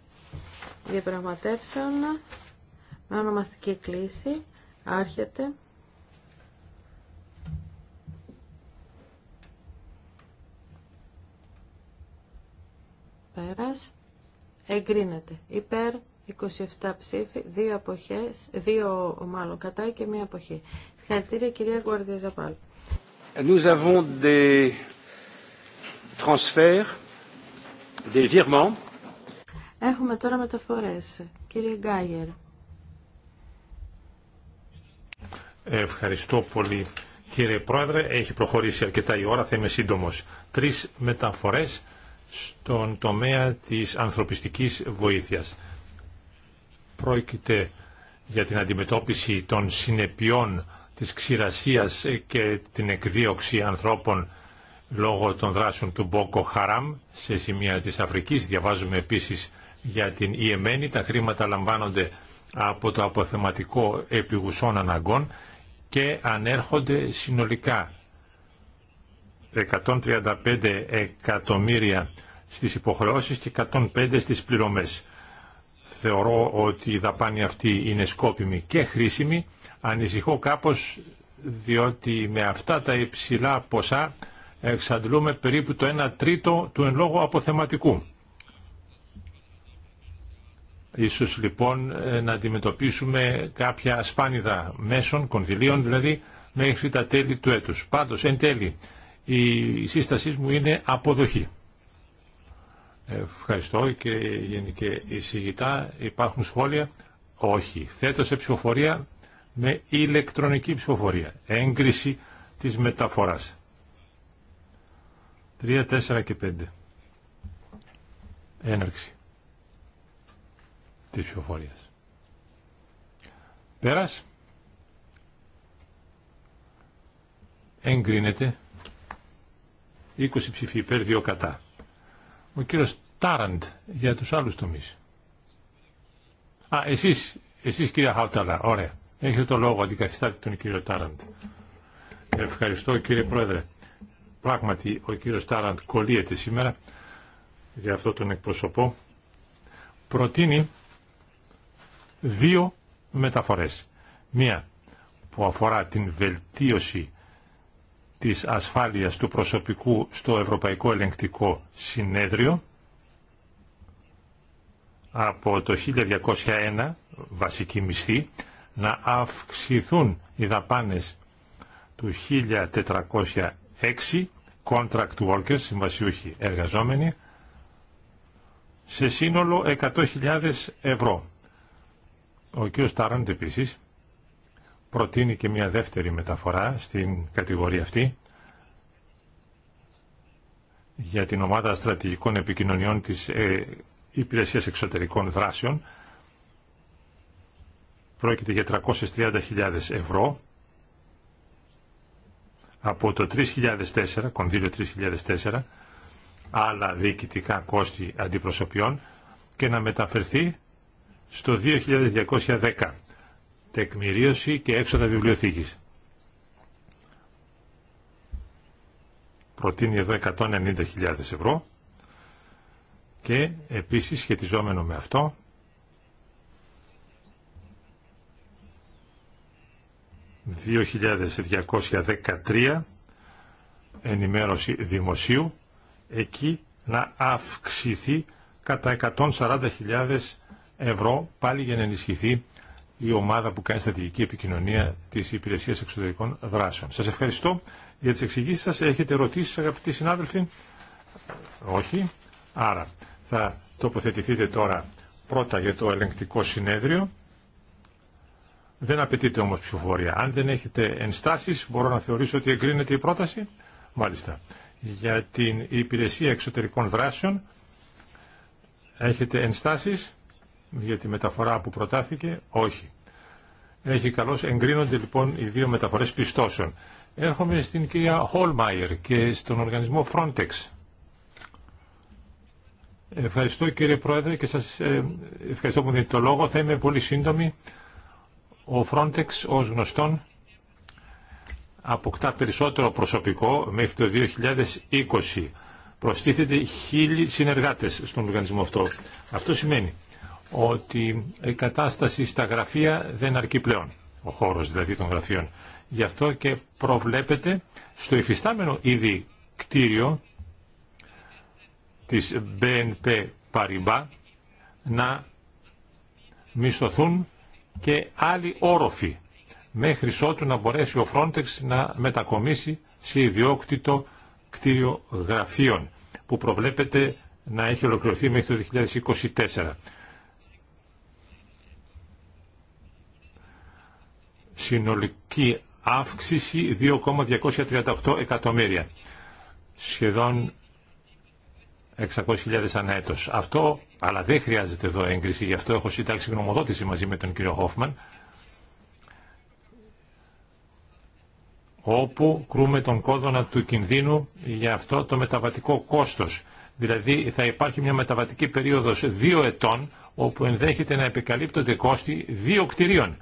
διαπραγματεύσεων με ονομαστική κλίση άρχεται. Πέρας. Εγκρίνεται. Υπέρ 27 ψήφοι, δύο αποχές, δύο μάλλον κατά και μία αποχή. Συγχαρητήρια κυρία Γκουαρδιαζαπάλ. Nous avons des transferts, des virements. Έχουμε τώρα μεταφορές. Κύριε Γκάγερ. Ευχαριστώ πολύ. Κύριε Πρόεδρε, έχει προχωρήσει αρκετά η ώρα, θα είμαι σύντομος. Τρεις μεταφορές στον τομέα της ανθρωπιστικής βοήθειας. Πρόκειται για την αντιμετώπιση των συνεπειών της ξηρασίας και την εκδίωξη ανθρώπων λόγω των δράσεων του Μπόκο Χαράμ σε σημεία της Αφρικής. Διαβάζουμε επίσης για την Ιεμένη. Τα χρήματα λαμβάνονται από το αποθεματικό επιγουσών αναγκών και ανέρχονται συνολικά 135 εκατομμύρια στις υποχρεώσεις και 105 στις πληρωμές θεωρώ ότι η δαπάνη αυτή είναι σκόπιμη και χρήσιμη. Ανησυχώ κάπως διότι με αυτά τα υψηλά ποσά εξαντλούμε περίπου το 1 τρίτο του εν λόγω αποθεματικού. Ίσως λοιπόν ε, να αντιμετωπίσουμε κάποια σπάνιδα μέσων, κονδυλίων δηλαδή, μέχρι τα τέλη του έτους. Πάντως, εν τέλει, η σύστασή μου είναι αποδοχή. Ευχαριστώ και γενικέ Εισηγητά. Υπάρχουν σχόλια. Όχι. Θέτω σε ψηφοφορία με ηλεκτρονική ψηφοφορία. Έγκριση της μεταφοράς. 3, 4 και 5. Έναρξη της ψηφοφορίας. Πέρας. Εγκρίνεται. 20 ψηφοί υπέρ, 2 κατά ο κύριος Τάραντ για τους άλλους τομείς. Α, εσείς, εσείς κυρία Χαουταλά, ωραία. Έχετε το λόγο, αντικαθιστάτε τον κύριο Τάραντ. Ευχαριστώ κύριε Πρόεδρε. Πράγματι ο κύριος Τάραντ κολλείεται σήμερα για αυτό τον εκπροσωπό. Προτείνει δύο μεταφορές. Μία που αφορά την βελτίωση της ασφάλειας του προσωπικού στο Ευρωπαϊκό Ελεγκτικό Συνέδριο από το 1201 βασική μισθή να αυξηθούν οι δαπάνες του 1406 contract workers, συμβασιούχοι εργαζόμενοι, σε σύνολο 100.000 ευρώ. Ο κ. Τάραντ επίσης προτείνει και μια δεύτερη μεταφορά στην κατηγορία αυτή για την ομάδα στρατηγικών επικοινωνιών της ε, Υπηρεσίας Εξωτερικών Δράσεων. Πρόκειται για 330.000 ευρώ από το 3004, κονδύλιο 3004, άλλα διοικητικά κόστη αντιπροσωπιών και να μεταφερθεί στο 2210 τεκμηρίωση και έξοδα βιβλιοθήκης. Προτείνει εδώ 190.000 ευρώ και επίσης σχετιζόμενο με αυτό ...2.213 ενημέρωση δημοσίου, εκεί να αυξηθεί κατά 140.000 ευρώ πάλι για να ενισχυθεί η ομάδα που κάνει στρατηγική επικοινωνία της Υπηρεσίας Εξωτερικών Δράσεων. Σας ευχαριστώ για τις εξηγήσει σα. Έχετε ερωτήσεις αγαπητοί συνάδελφοι. Όχι. Άρα θα τοποθετηθείτε τώρα πρώτα για το ελεγκτικό συνέδριο. Δεν απαιτείται όμως ψηφοφορία. Αν δεν έχετε ενστάσει, μπορώ να θεωρήσω ότι εγκρίνεται η πρόταση. Μάλιστα. Για την υπηρεσία εξωτερικών δράσεων έχετε ενστάσει για τη μεταφορά που προτάθηκε, όχι. Έχει καλώς εγκρίνονται λοιπόν οι δύο μεταφορές πιστώσεων. Έρχομαι στην κυρία Χολμάιερ και στον οργανισμό Frontex. Ευχαριστώ κύριε Πρόεδρε και σας ε, ευχαριστώ που δίνετε το λόγο. Θα είμαι πολύ σύντομη. Ο Frontex ως γνωστόν αποκτά περισσότερο προσωπικό μέχρι το 2020. Προστίθεται χίλιοι συνεργάτες στον οργανισμό αυτό. Αυτό σημαίνει ότι η κατάσταση στα γραφεία δεν αρκεί πλέον, ο χώρος δηλαδή των γραφείων. Γι' αυτό και προβλέπεται στο υφιστάμενο ήδη κτίριο της BNP Paribas να μισθωθούν και άλλοι όροφοι μέχρι ότου να μπορέσει ο Frontex να μετακομίσει σε ιδιόκτητο κτίριο γραφείων που προβλέπεται να έχει ολοκληρωθεί μέχρι το 2024. συνολική αύξηση 2,238 εκατομμύρια. Σχεδόν 600.000 ανά έτος. Αυτό, αλλά δεν χρειάζεται εδώ έγκριση, γι' αυτό έχω συντάξει γνωμοδότηση μαζί με τον κύριο Χόφμαν, όπου κρούμε τον κόδωνα του κινδύνου για αυτό το μεταβατικό κόστος. Δηλαδή θα υπάρχει μια μεταβατική περίοδος δύο ετών, όπου ενδέχεται να επικαλύπτονται κόστη δύο κτηρίων.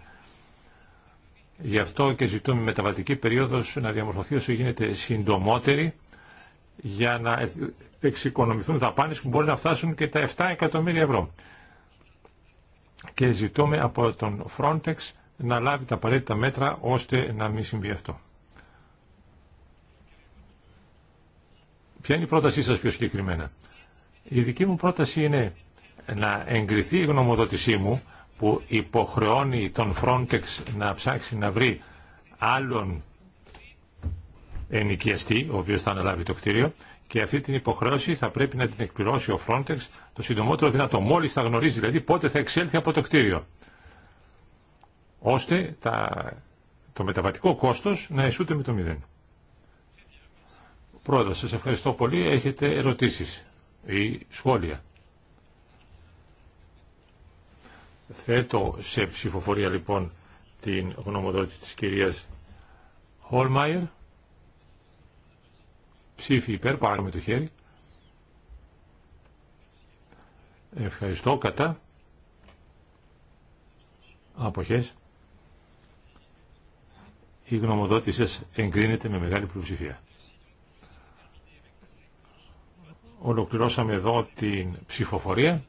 Γι' αυτό και ζητούμε μεταβατική περίοδος να διαμορφωθεί όσο γίνεται συντομότερη για να εξοικονομηθούν δαπάνες που μπορεί να φτάσουν και τα 7 εκατομμύρια ευρώ. Και ζητούμε από τον Frontex να λάβει τα απαραίτητα μέτρα ώστε να μην συμβεί αυτό. Ποια είναι η πρότασή σας πιο συγκεκριμένα. Η δική μου πρόταση είναι να εγκριθεί η γνωμοδότησή μου που υποχρεώνει τον Frontex να ψάξει να βρει άλλον ενοικιαστή, ο οποίος θα αναλάβει το κτίριο, και αυτή την υποχρέωση θα πρέπει να την εκπληρώσει ο Frontex το συντομότερο δυνατό, μόλις θα γνωρίζει δηλαδή πότε θα εξέλθει από το κτίριο, ώστε τα, το μεταβατικό κόστος να ισούται με το μηδέν. Πρόεδρο, σας ευχαριστώ πολύ. Έχετε ερωτήσεις ή σχόλια. Θέτω σε ψηφοφορία λοιπόν την γνωμοδότηση της κυρίας Χολμάιερ. Ψήφι υπέρ, με το χέρι. Ευχαριστώ, κατά. Αποχές. Η γνωμοδότηση σας εγκρίνεται με μεγάλη πλειοψηφία. Ολοκληρώσαμε εδώ την ψηφοφορία.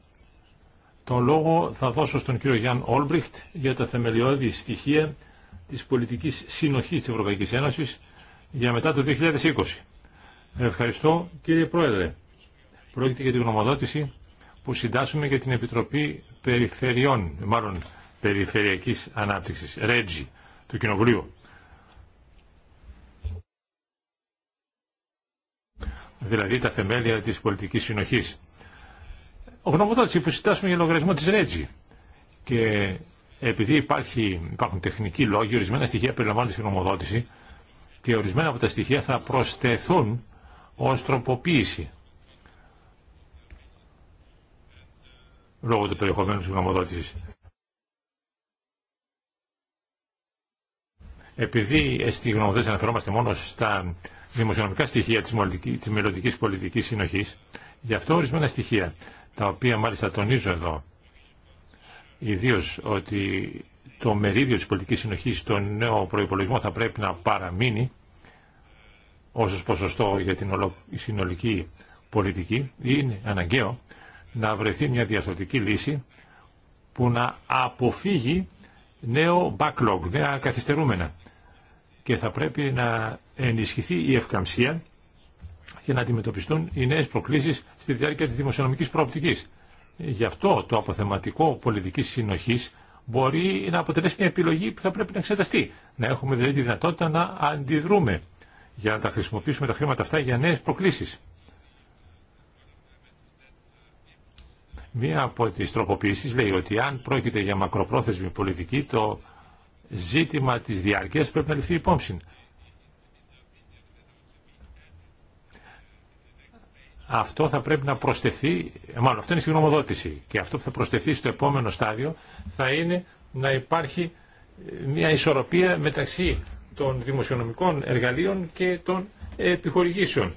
Τον λόγο θα δώσω στον κύριο Γιάνν Όλμπριχτ για τα θεμελιώδη στοιχεία της πολιτικής συνοχής της Ευρωπαϊκής Ένωσης για μετά το 2020. Ευχαριστώ κύριε Πρόεδρε. Πρόκειται για την γνωμοδότηση που συντάσσουμε για την Επιτροπή Περιφερειών, μάλλον Περιφερειακής Ανάπτυξης, Ρέτζι, του Κοινοβουλίου. Δηλαδή τα θεμέλια της πολιτικής συνοχής. Ο γνωμοδότηση που συζητάσουμε για λογαριασμό τη Ρέτζη. Και επειδή υπάρχει, υπάρχουν τεχνικοί λόγοι, ορισμένα στοιχεία περιλαμβάνονται στη γνωμοδότηση και ορισμένα από τα στοιχεία θα προσθεθούν ω τροποποίηση λόγω του περιεχομένου τη γνωμοδότηση. Επειδή στη γνωμοδότηση αναφερόμαστε μόνο στα δημοσιονομικά στοιχεία της, μελλοντική πολιτικής συνοχής, γι' αυτό ορισμένα στοιχεία τα οποία μάλιστα τονίζω εδώ, ιδίως ότι το μερίδιο της πολιτικής συνοχής στον νέο προϋπολογισμό θα πρέπει να παραμείνει ως ποσοστό για την συνολική πολιτική, είναι αναγκαίο να βρεθεί μια διαστατική λύση που να αποφύγει νέο backlog, νέα καθυστερούμενα. Και θα πρέπει να ενισχυθεί η ευκαμψία και να αντιμετωπιστούν οι νέε προκλήσει στη διάρκεια τη δημοσιονομική προοπτικής. Γι' αυτό το αποθεματικό πολιτική συνοχή μπορεί να αποτελέσει μια επιλογή που θα πρέπει να εξεταστεί. Να έχουμε δηλαδή τη δυνατότητα να αντιδρούμε για να τα χρησιμοποιήσουμε τα χρήματα αυτά για νέε προκλήσει. Μία από τι τροποποιήσεις λέει ότι αν πρόκειται για μακροπρόθεσμη πολιτική το ζήτημα τη διάρκεια πρέπει να ληφθεί υπόψη. αυτό θα πρέπει να προστεθεί, ε, μάλλον αυτό είναι στη γνωμοδότηση και αυτό που θα προστεθεί στο επόμενο στάδιο θα είναι να υπάρχει ε, μια ισορροπία μεταξύ των δημοσιονομικών εργαλείων και των επιχορηγήσεων.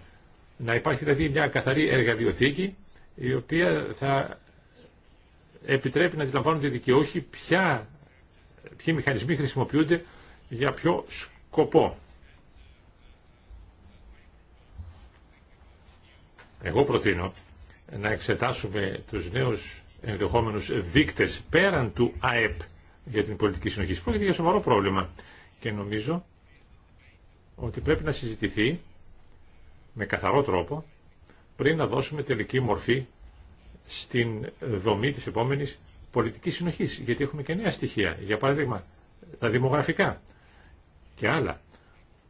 Να υπάρχει δηλαδή μια καθαρή εργαλειοθήκη η οποία θα επιτρέπει να αντιλαμβάνονται οι δικαιούχοι ποιοι μηχανισμοί χρησιμοποιούνται για ποιο σκοπό. Εγώ προτείνω να εξετάσουμε τους νέους ενδεχόμενους δείκτες πέραν του ΑΕΠ για την πολιτική συνοχή. Πρόκειται για σοβαρό πρόβλημα και νομίζω ότι πρέπει να συζητηθεί με καθαρό τρόπο πριν να δώσουμε τελική μορφή στην δομή της επόμενης πολιτικής συνοχής, γιατί έχουμε και νέα στοιχεία. Για παράδειγμα, τα δημογραφικά και άλλα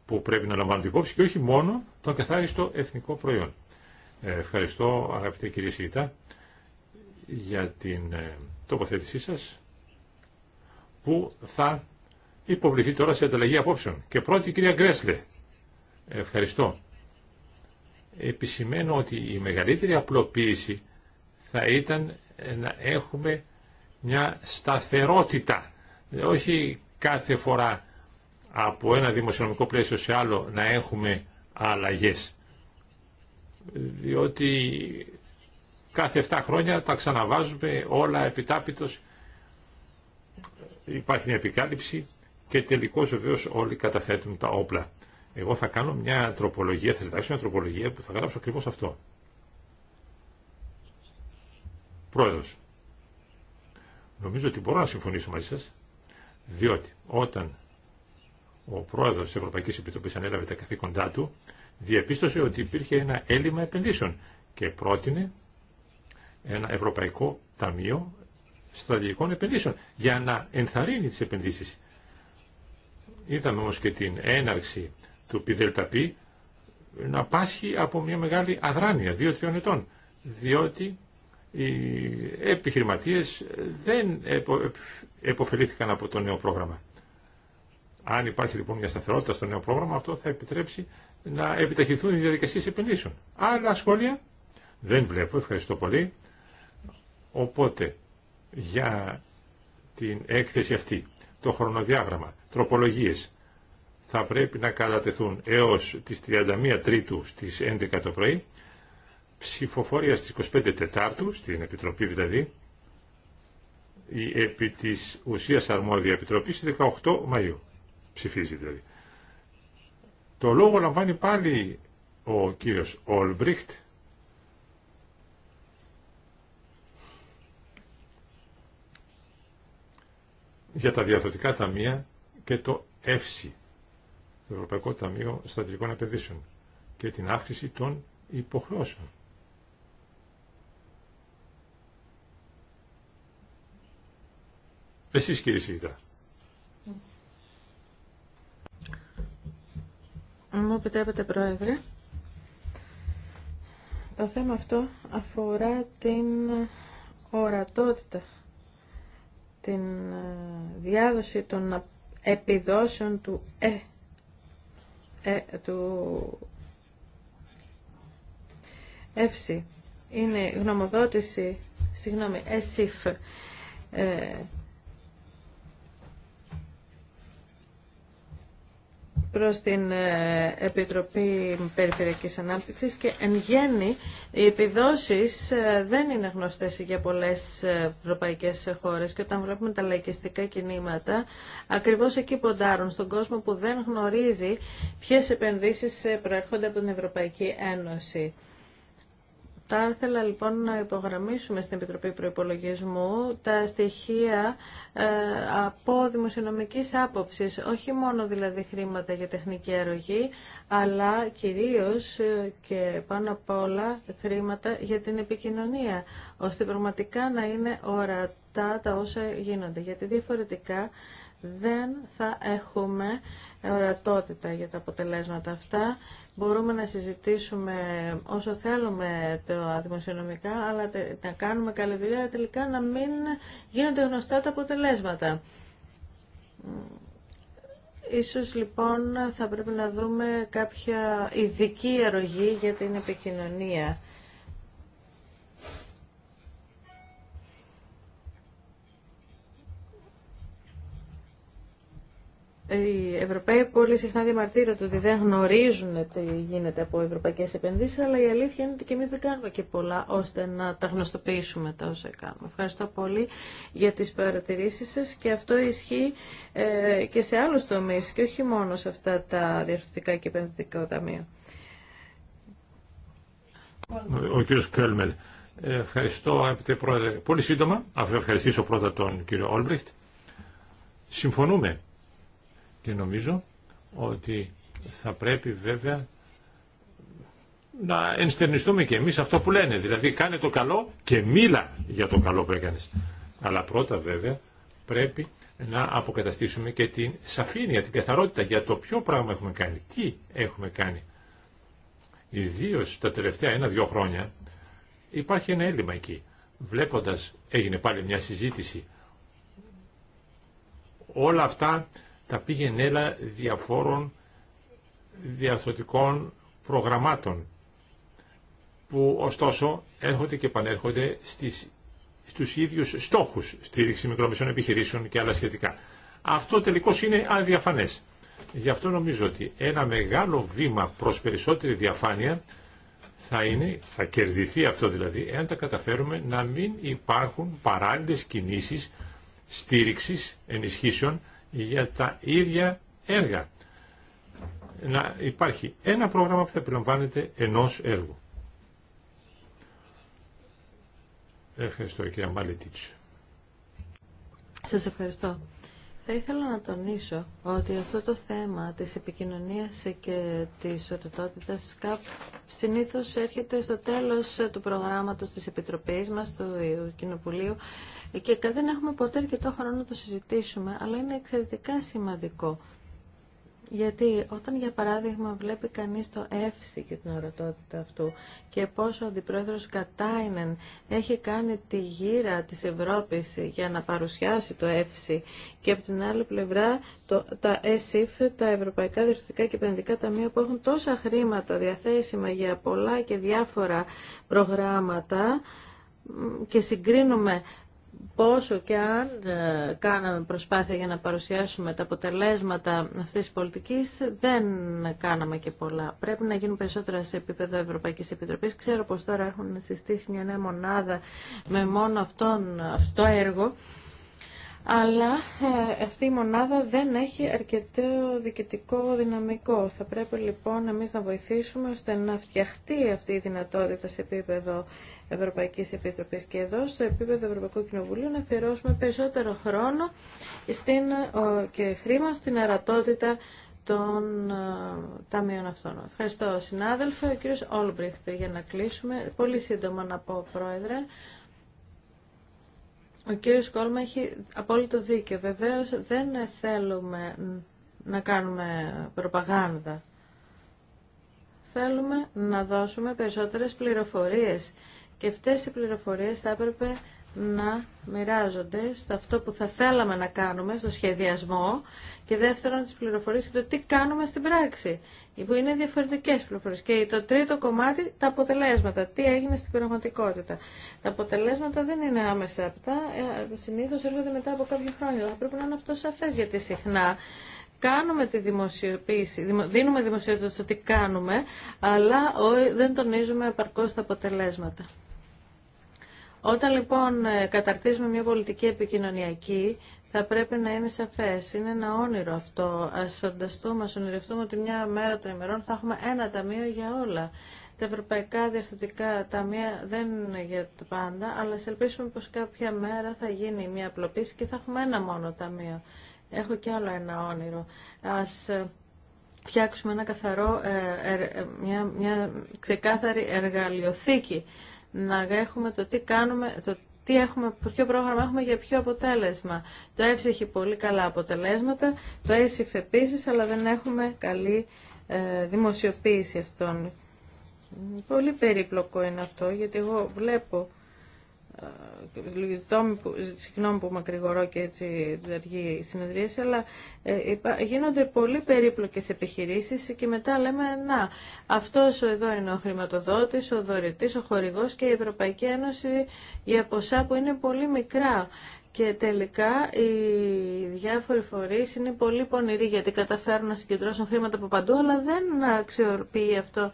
που πρέπει να την υπόψη και όχι μόνο το καθάριστο εθνικό προϊόν. Ευχαριστώ αγαπητέ κύριε Σιγητά για την ε, τοποθέτησή σας που θα υποβληθεί τώρα σε ανταλλαγή απόψεων. Και πρώτη κυρία Γκρέσλε. Ευχαριστώ. Επισημαίνω ότι η μεγαλύτερη απλοποίηση θα ήταν να έχουμε μια σταθερότητα. Όχι κάθε φορά από ένα δημοσιονομικό πλαίσιο σε άλλο να έχουμε αλλαγές διότι κάθε 7 χρόνια τα ξαναβάζουμε όλα επιτάπητος, υπάρχει μια επικάλυψη και τελικώς βεβαίω όλοι καταθέτουν τα όπλα. Εγώ θα κάνω μια τροπολογία, θα ζητάξω μια τροπολογία που θα γράψω ακριβώ αυτό. Πρόεδρος, νομίζω ότι μπορώ να συμφωνήσω μαζί σας, διότι όταν ο πρόεδρος της Ευρωπαϊκής Επιτροπής ανέλαβε τα καθήκοντά του, διαπίστωσε ότι υπήρχε ένα έλλειμμα επενδύσεων και πρότεινε ένα Ευρωπαϊκό Ταμείο Στρατηγικών Επενδύσεων για να ενθαρρύνει τις επενδύσεις. Είδαμε όμως και την έναρξη του ΠΙΔΕΛΤΑΠΗ να πάσχει από μια μεγάλη αδράνεια δύο-τριών ετών, διότι οι επιχειρηματίες δεν επωφελήθηκαν από το νέο πρόγραμμα. Αν υπάρχει λοιπόν μια σταθερότητα στο νέο πρόγραμμα, αυτό θα επιτρέψει να επιταχυνθούν οι διαδικασίες επενδύσεων. Άλλα σχόλια δεν βλέπω, ευχαριστώ πολύ. Οπότε, για την έκθεση αυτή, το χρονοδιάγραμμα, τροπολογίες, θα πρέπει να κατατεθούν έως τις 31 Τρίτου στις 11 το πρωί, ψηφοφορία στις 25 Τετάρτου, στην Επιτροπή δηλαδή, η επί της ουσίας αρμόδια Επιτροπής, στις 18 Μαΐου ψηφίζει δηλαδή. Το λόγο λαμβάνει πάλι ο κύριος Ολμπριχτ. για τα διαθωτικά ταμεία και το ΕΦΣΙ, το Ευρωπαϊκό Ταμείο Στατικών Επενδύσεων, και την αύξηση των υποχρεώσεων. Εσείς κύριε Σιγητά. Μου επιτρέπετε, Πρόεδρε. Το θέμα αυτό αφορά την ορατότητα, την ε, διάδοση των επιδόσεων του ε, ε του Είναι γνωμοδότηση, συγγνώμη, ΕΣΥΦ, προς την ε, Επιτροπή Περιφερειακής Ανάπτυξης και εν γέννη οι επιδόσεις ε, δεν είναι γνωστές για πολλές ε, ευρωπαϊκές χώρες και όταν βλέπουμε τα λαϊκιστικά κινήματα ακριβώς εκεί ποντάρουν στον κόσμο που δεν γνωρίζει ποιες επενδύσεις προέρχονται από την Ευρωπαϊκή Ένωση. Θα ήθελα λοιπόν να υπογραμμίσουμε στην Επιτροπή Προϋπολογισμού τα στοιχεία ε, από δημοσιονομικής άποψης, όχι μόνο δηλαδή χρήματα για τεχνική αρρωγή, αλλά κυρίως ε, και πάνω απ' όλα χρήματα για την επικοινωνία, ώστε πραγματικά να είναι ορατά τα όσα γίνονται, γιατί διαφορετικά δεν θα έχουμε ορατότητα για τα αποτελέσματα αυτά. Μπορούμε να συζητήσουμε όσο θέλουμε το δημοσιονομικά, αλλά να κάνουμε καλή δουλειά, τελικά να μην γίνονται γνωστά τα αποτελέσματα. Ίσως λοιπόν θα πρέπει να δούμε κάποια ειδική αρρωγή για την επικοινωνία οι Ευρωπαίοι πολύ συχνά διαμαρτύρονται ότι δεν γνωρίζουν τι γίνεται από ευρωπαϊκέ επενδύσει, αλλά η αλήθεια είναι ότι και εμεί δεν κάνουμε και πολλά ώστε να τα γνωστοποιήσουμε τα όσα κάνουμε. Ευχαριστώ πολύ για τι παρατηρήσει σα και αυτό ισχύει ε, και σε άλλου τομεί και όχι μόνο σε αυτά τα διευθυντικά και επενδυτικά ταμεία. Ο κ. Κέλμελ. Ευχαριστώ, αγαπητέ Πρόεδρε. Πολύ σύντομα, αφού ευχαριστήσω πρώτα τον κύριο Όλμπριχτ. Συμφωνούμε και νομίζω ότι θα πρέπει βέβαια να ενστερνιστούμε και εμείς αυτό που λένε. Δηλαδή κάνε το καλό και μίλα για το καλό που έκανες. Αλλά πρώτα βέβαια πρέπει να αποκαταστήσουμε και την σαφήνεια, την καθαρότητα για το ποιο πράγμα έχουμε κάνει, τι έχουμε κάνει. Ιδίω τα τελευταία ένα-δυο χρόνια υπάρχει ένα έλλειμμα εκεί. Βλέποντας έγινε πάλι μια συζήτηση. Όλα αυτά τα έλα διαφόρων διαρθωτικών προγραμμάτων που ωστόσο έρχονται και επανέρχονται στις, στους ίδιους στόχους στήριξη μικρομεσών επιχειρήσεων και άλλα σχετικά. Αυτό τελικώς είναι αδιαφανές. Γι' αυτό νομίζω ότι ένα μεγάλο βήμα προς περισσότερη διαφάνεια θα είναι, θα κερδιθεί αυτό δηλαδή, εάν τα καταφέρουμε να μην υπάρχουν παράλληλες κινήσεις στήριξης ενισχύσεων για τα ίδια έργα. Να υπάρχει ένα πρόγραμμα που θα περιλαμβάνεται ενός έργου. Ευχαριστώ κύριε Μαλετίτσου. Σας ευχαριστώ. Θα ήθελα να τονίσω ότι αυτό το θέμα της επικοινωνίας και της ορειτότητας ΚΑΠ συνήθως έρχεται στο τέλος του προγράμματος της Επιτροπής μας, του Κοινοβουλίου και δεν έχουμε ποτέ αρκετό χρόνο να το συζητήσουμε, αλλά είναι εξαιρετικά σημαντικό. Γιατί όταν για παράδειγμα βλέπει κανείς το εύση και την ορατότητα αυτού και πόσο ο αντιπρόεδρος Κατάινεν έχει κάνει τη γύρα της Ευρώπης για να παρουσιάσει το εύση και από την άλλη πλευρά το, τα ΕΣΥΦ, τα Ευρωπαϊκά Διευθυντικά και Επενδυτικά Ταμεία που έχουν τόσα χρήματα διαθέσιμα για πολλά και διάφορα προγράμματα και συγκρίνουμε πόσο και αν ε, κάναμε προσπάθεια για να παρουσιάσουμε τα αποτελέσματα αυτής της πολιτικής, δεν κάναμε και πολλά. Πρέπει να γίνουν περισσότερα σε επίπεδο Ευρωπαϊκής Επιτροπής. Ξέρω πως τώρα έχουν συστήσει μια νέα μονάδα με μόνο αυτόν, αυτό έργο αλλά ε, αυτή η μονάδα δεν έχει αρκετό διοικητικό δυναμικό. Θα πρέπει λοιπόν εμείς να βοηθήσουμε ώστε να φτιαχτεί αυτή η δυνατότητα σε επίπεδο Ευρωπαϊκής Επιτροπής και εδώ στο επίπεδο Ευρωπαϊκού Κοινοβουλίου να αφιερώσουμε περισσότερο χρόνο στην, και χρήμα στην αρατότητα των ε, ταμείων αυτών. Ευχαριστώ συνάδελφε, ο κύριος Όλμπριχτ για να κλείσουμε. Πολύ σύντομα να πω πρόεδρε ο κύριος Κόλμα έχει απόλυτο δίκιο. Βεβαίως δεν θέλουμε να κάνουμε προπαγάνδα. Θέλουμε να δώσουμε περισσότερες πληροφορίες. Και αυτές οι πληροφορίες θα έπρεπε να μοιράζονται σε αυτό που θα θέλαμε να κάνουμε στο σχεδιασμό και δεύτερον τις πληροφορίες και το τι κάνουμε στην πράξη που είναι διαφορετικές πληροφορίες και το τρίτο κομμάτι τα αποτελέσματα τι έγινε στην πραγματικότητα τα αποτελέσματα δεν είναι άμεσα αυτά ε, συνήθως έρχονται μετά από κάποια χρόνια θα πρέπει να είναι αυτό σαφές γιατί συχνά κάνουμε τη δημοσιοποίηση, δίνουμε δημοσιότητα στο τι κάνουμε, αλλά δεν τονίζουμε επαρκώς τα αποτελέσματα. Όταν λοιπόν ε, καταρτίζουμε μια πολιτική επικοινωνιακή, θα πρέπει να είναι σαφέ. Είναι ένα όνειρο αυτό. Α φανταστούμε, α ονειρευτούμε ότι μια μέρα των ημερών θα έχουμε ένα ταμείο για όλα. Τα ευρωπαϊκά διευθυντικά ταμεία δεν είναι για τα πάντα, αλλά σε ελπίσουμε πω κάποια μέρα θα γίνει μια απλοποίηση και θα έχουμε ένα μόνο ταμείο. Έχω κι άλλο ένα όνειρο. Α ε, φτιάξουμε ένα καθαρό, ε, μια, μια ξεκάθαρη εργαλειοθήκη να έχουμε το τι κάνουμε, το τι έχουμε, ποιο πρόγραμμα έχουμε για ποιο αποτέλεσμα. Το ΕΦΣ έχει πολύ καλά αποτελέσματα, το ΕΣΥΦ επίση, αλλά δεν έχουμε καλή ε, δημοσιοποίηση αυτών. Πολύ περίπλοκο είναι αυτό, γιατί εγώ βλέπω ε, συγγνώμη που μακρηγορώ και έτσι αργεί η συνεδρίαση, αλλά ε, γίνονται πολύ περίπλοκες επιχειρήσεις και μετά λέμε να, αυτός εδώ είναι ο χρηματοδότης, ο δωρητής, ο χορηγός και η Ευρωπαϊκή Ένωση για ποσά που είναι πολύ μικρά. Και τελικά οι διάφοροι φορεί είναι πολύ πονηροί γιατί καταφέρουν να συγκεντρώσουν χρήματα από παντού, αλλά δεν αξιοποιεί αυτό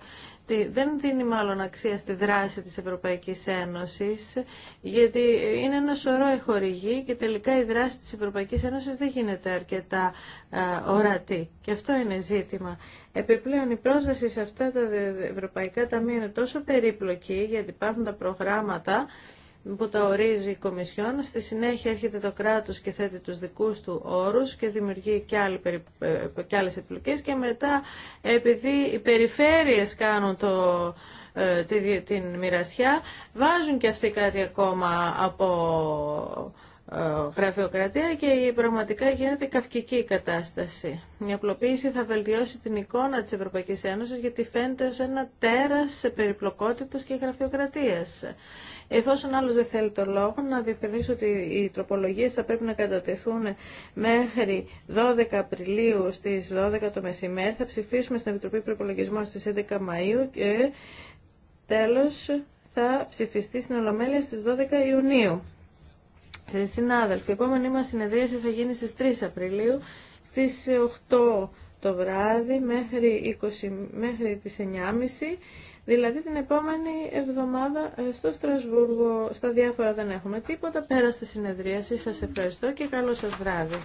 δεν δίνει μάλλον αξία στη δράση της Ευρωπαϊκής Ένωσης, γιατί είναι ένα σωρό εχορηγή και τελικά η δράση της Ευρωπαϊκής Ένωσης δεν γίνεται αρκετά ε, ορατή. Και αυτό είναι ζήτημα. Επιπλέον, η πρόσβαση σε αυτά τα ευρωπαϊκά ταμεία είναι τόσο περίπλοκη, γιατί υπάρχουν τα προγράμματα που τα ορίζει η Κομισιόν. Στη συνέχεια έρχεται το κράτος και θέτει τους δικούς του όρους και δημιουργεί και, άλλη, ε, ε, και άλλες επιπλοκές και μετά επειδή οι περιφέρειες κάνουν το, ε, την, την μοιρασιά βάζουν και αυτοί κάτι ακόμα από γραφειοκρατία και πραγματικά γίνεται καυκική κατάσταση. Η απλοποίηση θα βελτιώσει την εικόνα της Ευρωπαϊκής Ένωσης γιατί φαίνεται ως ένα τέρας περιπλοκότητας και γραφειοκρατίας. Εφόσον άλλος δεν θέλει το λόγο, να διευκρινίσω ότι οι τροπολογίες θα πρέπει να κατατεθούν μέχρι 12 Απριλίου στις 12 το μεσημέρι. Θα ψηφίσουμε στην Επιτροπή Προπολογισμών στις 11 Μαΐου και τέλος θα ψηφιστεί στην Ολομέλεια στις 12 Ιουνίου. Συνάδελφοι, η επόμενη μα συνεδρίαση θα γίνει στι 3 Απριλίου στι 8 το βράδυ μέχρι, 20, μέχρι τις 9.30 Δηλαδή την επόμενη εβδομάδα ε, στο Στρασβούργο, στα διάφορα δεν έχουμε τίποτα. Πέρα στη συνεδρίαση, σας ευχαριστώ και καλό σας βράδυ.